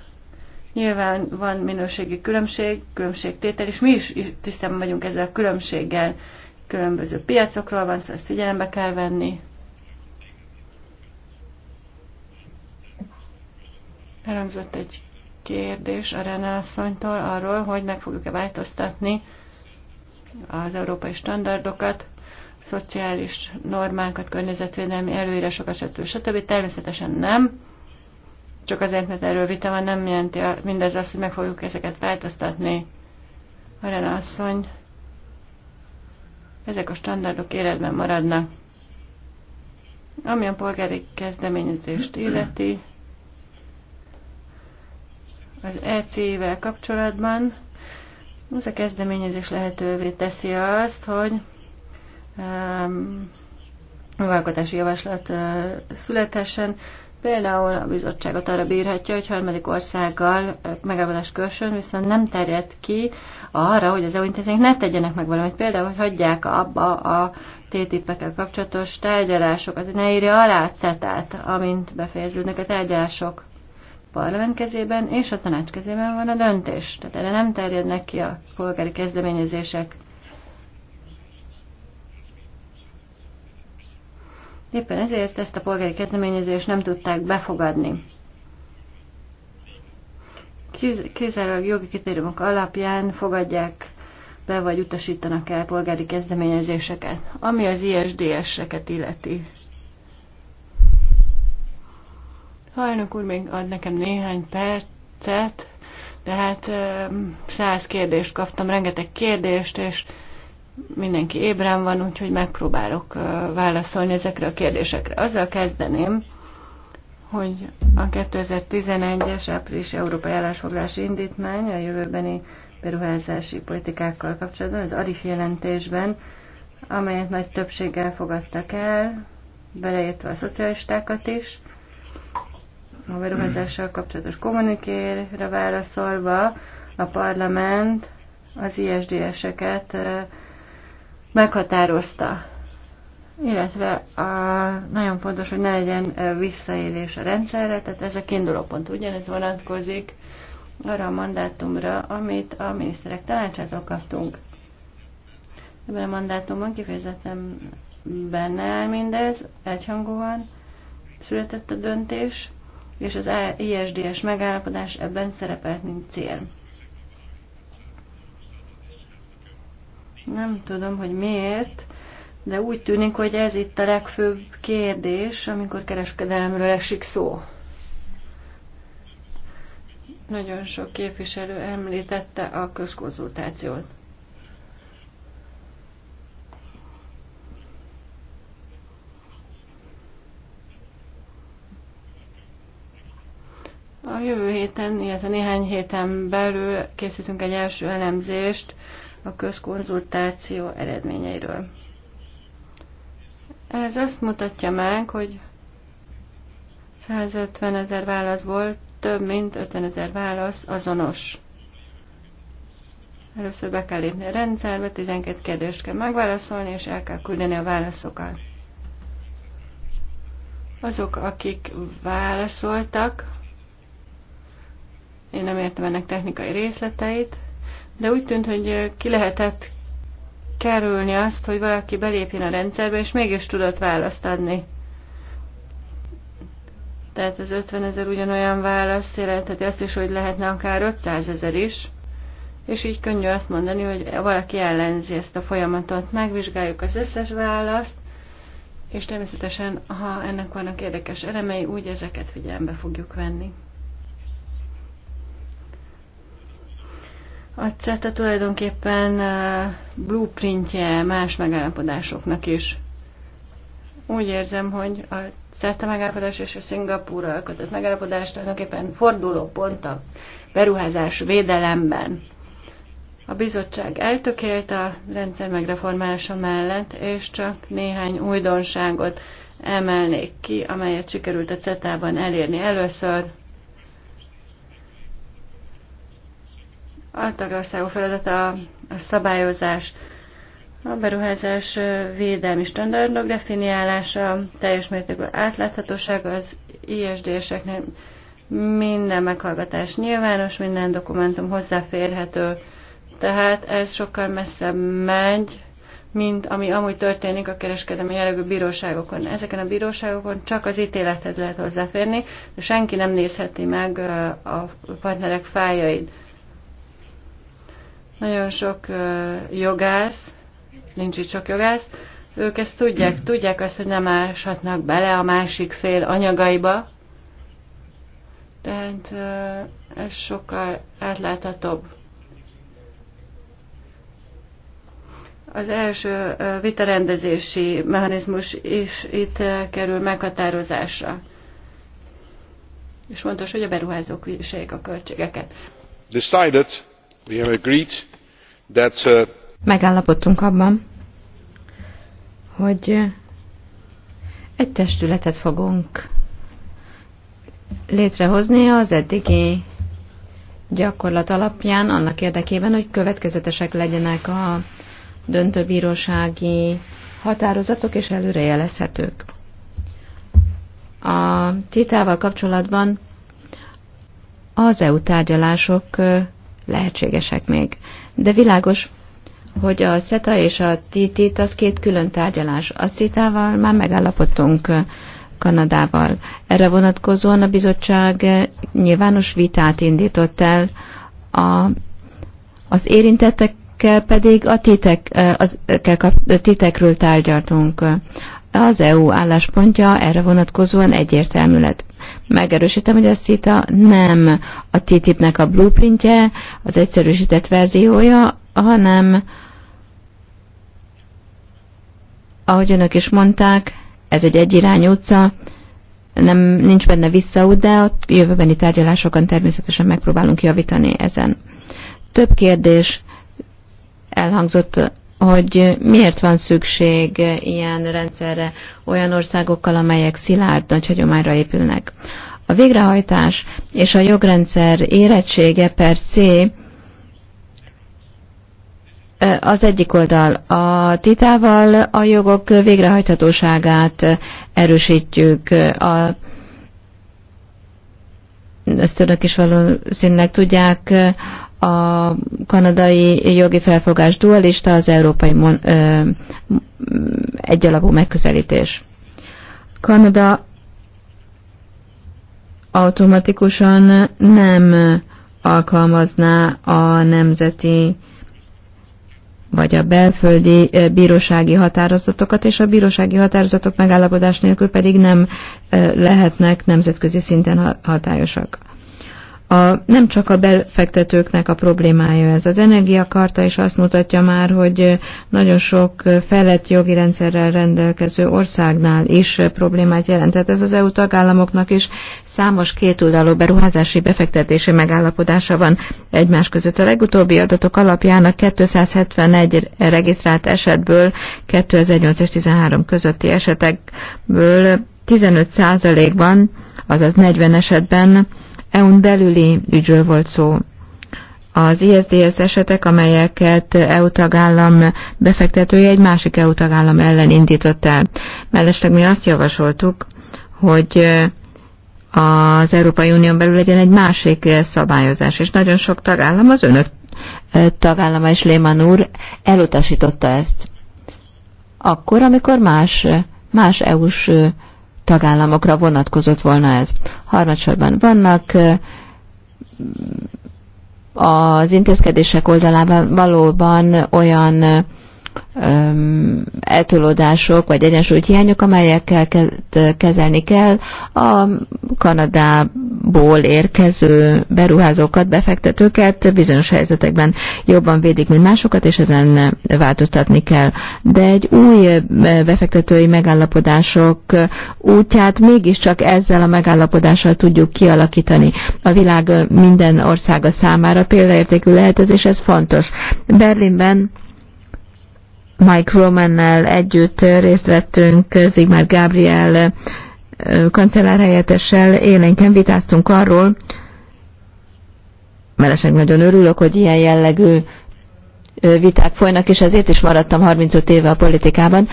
nyilván van minőségi különbség, különbségtétel, és mi is tisztában vagyunk ezzel a különbséggel. Különböző piacokról van szóval ezt figyelembe kell venni. Elhangzott egy kérdés a René asszonytól arról, hogy meg fogjuk-e változtatni az európai standardokat, szociális normákat, környezetvédelmi előírásokat, stb. stb. Természetesen nem csak azért, mert erről vita van, nem jelenti mindez azt, hogy meg fogjuk ezeket változtatni. Arena asszony, ezek a standardok életben maradnak. Ami a polgári kezdeményezést illeti, az EC-vel kapcsolatban, az a kezdeményezés lehetővé teszi azt, hogy um, jogalkotási javaslat uh, születhessen, Például a bizottságot arra bírhatja, hogy harmadik országgal megállapodás kössön, viszont nem terjed ki arra, hogy az EU intézmények ne tegyenek meg valamit. Például, hogy hagyják abba a TTIP-ekkel kapcsolatos tárgyalásokat, ne írja alá cetát, amint befejeződnek a tárgyalások parlament kezében és a tanács kezében van a döntés. Tehát erre nem terjednek ki a polgári kezdeményezések. Éppen ezért ezt a polgári kezdeményezést nem tudták befogadni. Kizárólag jogi kritériumok alapján fogadják be vagy utasítanak el polgári kezdeményezéseket, ami az ISDS-eket illeti. Ha elnök úr még ad nekem néhány percet, tehát száz kérdést kaptam, rengeteg kérdést, és mindenki ébren van, úgyhogy megpróbálok válaszolni ezekre a kérdésekre. Azzal kezdeném, hogy a 2011-es április Európai Állásfoglalási Indítmány a jövőbeni beruházási politikákkal kapcsolatban, az ARIF jelentésben, amelyet nagy többséggel fogadtak el, beleértve a szocialistákat is, a beruházással kapcsolatos kommunikérre válaszolva, a parlament az ISDS-eket meghatározta. Illetve a, nagyon fontos, hogy ne legyen visszaélés a rendszerre, tehát ez a kiinduló pont ugyanez vonatkozik arra a mandátumra, amit a miniszterek tanácsától kaptunk. Ebben a mandátumban kifejezetten benne áll mindez, egyhangúan született a döntés, és az ISDS megállapodás ebben szerepelt, mint cél. Nem tudom, hogy miért, de úgy tűnik, hogy ez itt a legfőbb kérdés, amikor kereskedelemről esik szó. Nagyon sok képviselő említette a közkonzultációt. A jövő héten, illetve néhány héten belül készítünk egy első elemzést a közkonzultáció eredményeiről. Ez azt mutatja meg, hogy 150 ezer válaszból több mint 50 ezer válasz azonos. Először be kell lépni a rendszerbe, 12 kérdést kell megválaszolni, és el kell küldeni a válaszokat. Azok, akik válaszoltak, én nem értem ennek technikai részleteit, de úgy tűnt, hogy ki lehetett kerülni azt, hogy valaki belépjen a rendszerbe, és mégis tudott választ adni. Tehát az 50 ezer ugyanolyan válasz, jelenteti azt is, hogy lehetne akár 500 ezer is, és így könnyű azt mondani, hogy valaki ellenzi ezt a folyamatot. Megvizsgáljuk az összes választ, és természetesen, ha ennek vannak érdekes elemei, úgy ezeket figyelembe fogjuk venni. A CETA tulajdonképpen blueprintje más megállapodásoknak is. Úgy érzem, hogy a CETA megállapodás és a Szingapúra kötött megállapodás tulajdonképpen forduló pont a beruházás védelemben. A bizottság eltökélt a rendszer megreformálása mellett, és csak néhány újdonságot emelnék ki, amelyet sikerült a CETA-ban elérni először. A tagországok feladata a szabályozás, a beruházás védelmi standardok definiálása, teljes mértékű átláthatóság az isd eknek minden meghallgatás nyilvános, minden dokumentum hozzáférhető. Tehát ez sokkal messzebb megy, mint ami amúgy történik a kereskedelmi jellegű bíróságokon. Ezeken a bíróságokon csak az ítélethez lehet hozzáférni, de senki nem nézheti meg a partnerek fájait. Nagyon sok jogász, nincs itt sok jogász, ők ezt tudják, tudják azt, hogy nem áshatnak bele a másik fél anyagaiba, tehát ez sokkal átláthatóbb. Az első vitarendezési mechanizmus is itt kerül meghatározásra. És fontos, hogy a beruházók viseljék a költségeket. Decided, we have agreed That's, uh, Megállapodtunk abban, hogy uh, egy testületet fogunk létrehozni az eddigi gyakorlat alapján, annak érdekében, hogy következetesek legyenek a döntőbírósági határozatok és előrejelezhetők. A titával kapcsolatban az EU tárgyalások uh, lehetségesek még. De világos, hogy a SETA és a TTIP az két külön tárgyalás. A SETA-val már megállapodtunk Kanadával. Erre vonatkozóan a bizottság nyilvános vitát indított el, a, az érintettekkel pedig a, titek, az, kap, a titekről tárgyaltunk. Az EU álláspontja erre vonatkozóan egyértelmű lett. Megerősítem, hogy a CITA nem a TTIP-nek a blueprintje, az egyszerűsített verziója, hanem, ahogy önök is mondták, ez egy egyirányú utca, nem, nincs benne visszaút, de a jövőbeni tárgyalásokon természetesen megpróbálunk javítani ezen. Több kérdés elhangzott hogy miért van szükség ilyen rendszerre olyan országokkal, amelyek szilárd nagy hagyományra épülnek. A végrehajtás és a jogrendszer érettsége per se eh, az egyik oldal. A titával a jogok végrehajthatóságát erősítjük. A, ezt önök is valószínűleg tudják, a kanadai jogi felfogás dualista, az európai mon, ö, egyalapú megközelítés. Kanada automatikusan nem alkalmazná a nemzeti vagy a belföldi bírósági határozatokat, és a bírósági határozatok megállapodás nélkül pedig nem lehetnek nemzetközi szinten hatályosak a, nem csak a befektetőknek a problémája ez. Az energiakarta is azt mutatja már, hogy nagyon sok felett jogi rendszerrel rendelkező országnál is problémát jelent. ez az EU tagállamoknak is számos kétoldalú beruházási befektetési megállapodása van egymás között. A legutóbbi adatok alapján a 271 regisztrált esetből 2008 és 13 közötti esetekből 15 ban azaz 40 esetben EU-n belüli ügyről volt szó. Az ISDS esetek, amelyeket EU tagállam befektetője egy másik EU tagállam ellen indított el. Mellesleg mi azt javasoltuk, hogy eh, az Európai Unión belül legyen egy másik eh, szabályozás, és nagyon sok tagállam, az önök eh, tagállama is Léman úr elutasította ezt. Akkor, amikor más, más EU-s tagállamokra vonatkozott volna ez. Harmadsorban vannak az intézkedések oldalában valóban olyan eltolódások vagy egyensúlyhiányok, amelyekkel kezelni kell a Kanadából érkező beruházókat, befektetőket bizonyos helyzetekben jobban védik, mint másokat, és ezen változtatni kell. De egy új befektetői megállapodások útját mégiscsak ezzel a megállapodással tudjuk kialakítani a világ minden országa számára példaértékű lehet ez, és ez fontos. Berlinben Mike Romannel együtt részt vettünk Zigmár Gabriel kancellárhelyettessel élénken vitáztunk arról, mellesleg nagyon örülök, hogy ilyen jellegű viták folynak, és ezért is maradtam 35 éve a politikában.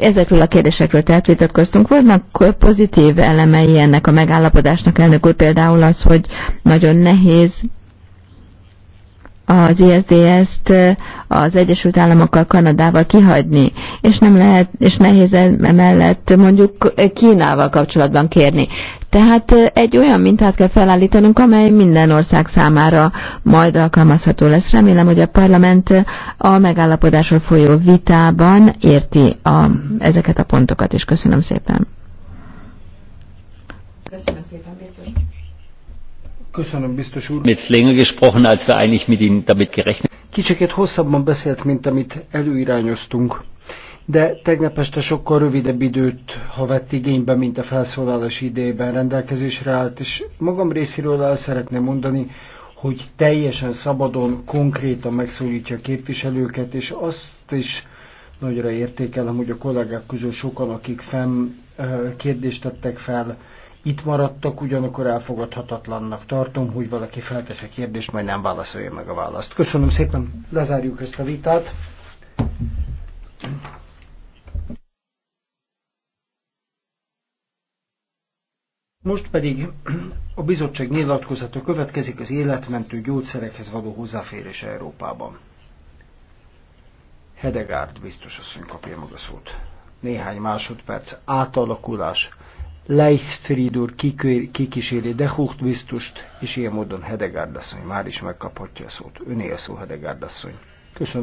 Ezekről a kérdésekről tehát vitatkoztunk. Vannak pozitív elemei ennek a megállapodásnak, elnök úr, például az, hogy nagyon nehéz az ISDS-t az Egyesült Államokkal, Kanadával kihagyni, és nem lehet, és nehéz emellett mondjuk Kínával kapcsolatban kérni. Tehát egy olyan mintát kell felállítanunk, amely minden ország számára majd alkalmazható lesz. Remélem, hogy a parlament a megállapodásról folyó vitában érti a, ezeket a pontokat, és köszönöm szépen. Köszönöm szépen. Köszönöm, biztos úr. Mit länger gesprochen, als wir eigentlich mit damit gerechnet. hosszabban beszélt, mint amit előirányoztunk, de tegnap este sokkal rövidebb időt, ha vett igénybe, mint a felszólalás idejében rendelkezésre állt, és magam részéről el szeretném mondani, hogy teljesen szabadon, konkrétan megszólítja a képviselőket, és azt is nagyra értékelem, hogy a kollégák közül sokan, akik fenn kérdést tettek fel, itt maradtak, ugyanakkor elfogadhatatlannak tartom, hogy valaki feltesz egy kérdést, majd nem válaszolja meg a választ. Köszönöm szépen, lezárjuk ezt a vitát. Most pedig a bizottság nyilatkozata következik az életmentő gyógyszerekhez való hozzáférés Európában. Hedegárd biztos asszony kapja meg a szót. Néhány másodperc átalakulás Leisfridur kikíséri de Hucht biztust, és ilyen módon Hedegárd asszony már is megkaphatja a szót. Önél szó, Hedegárd asszony. Köszönöm.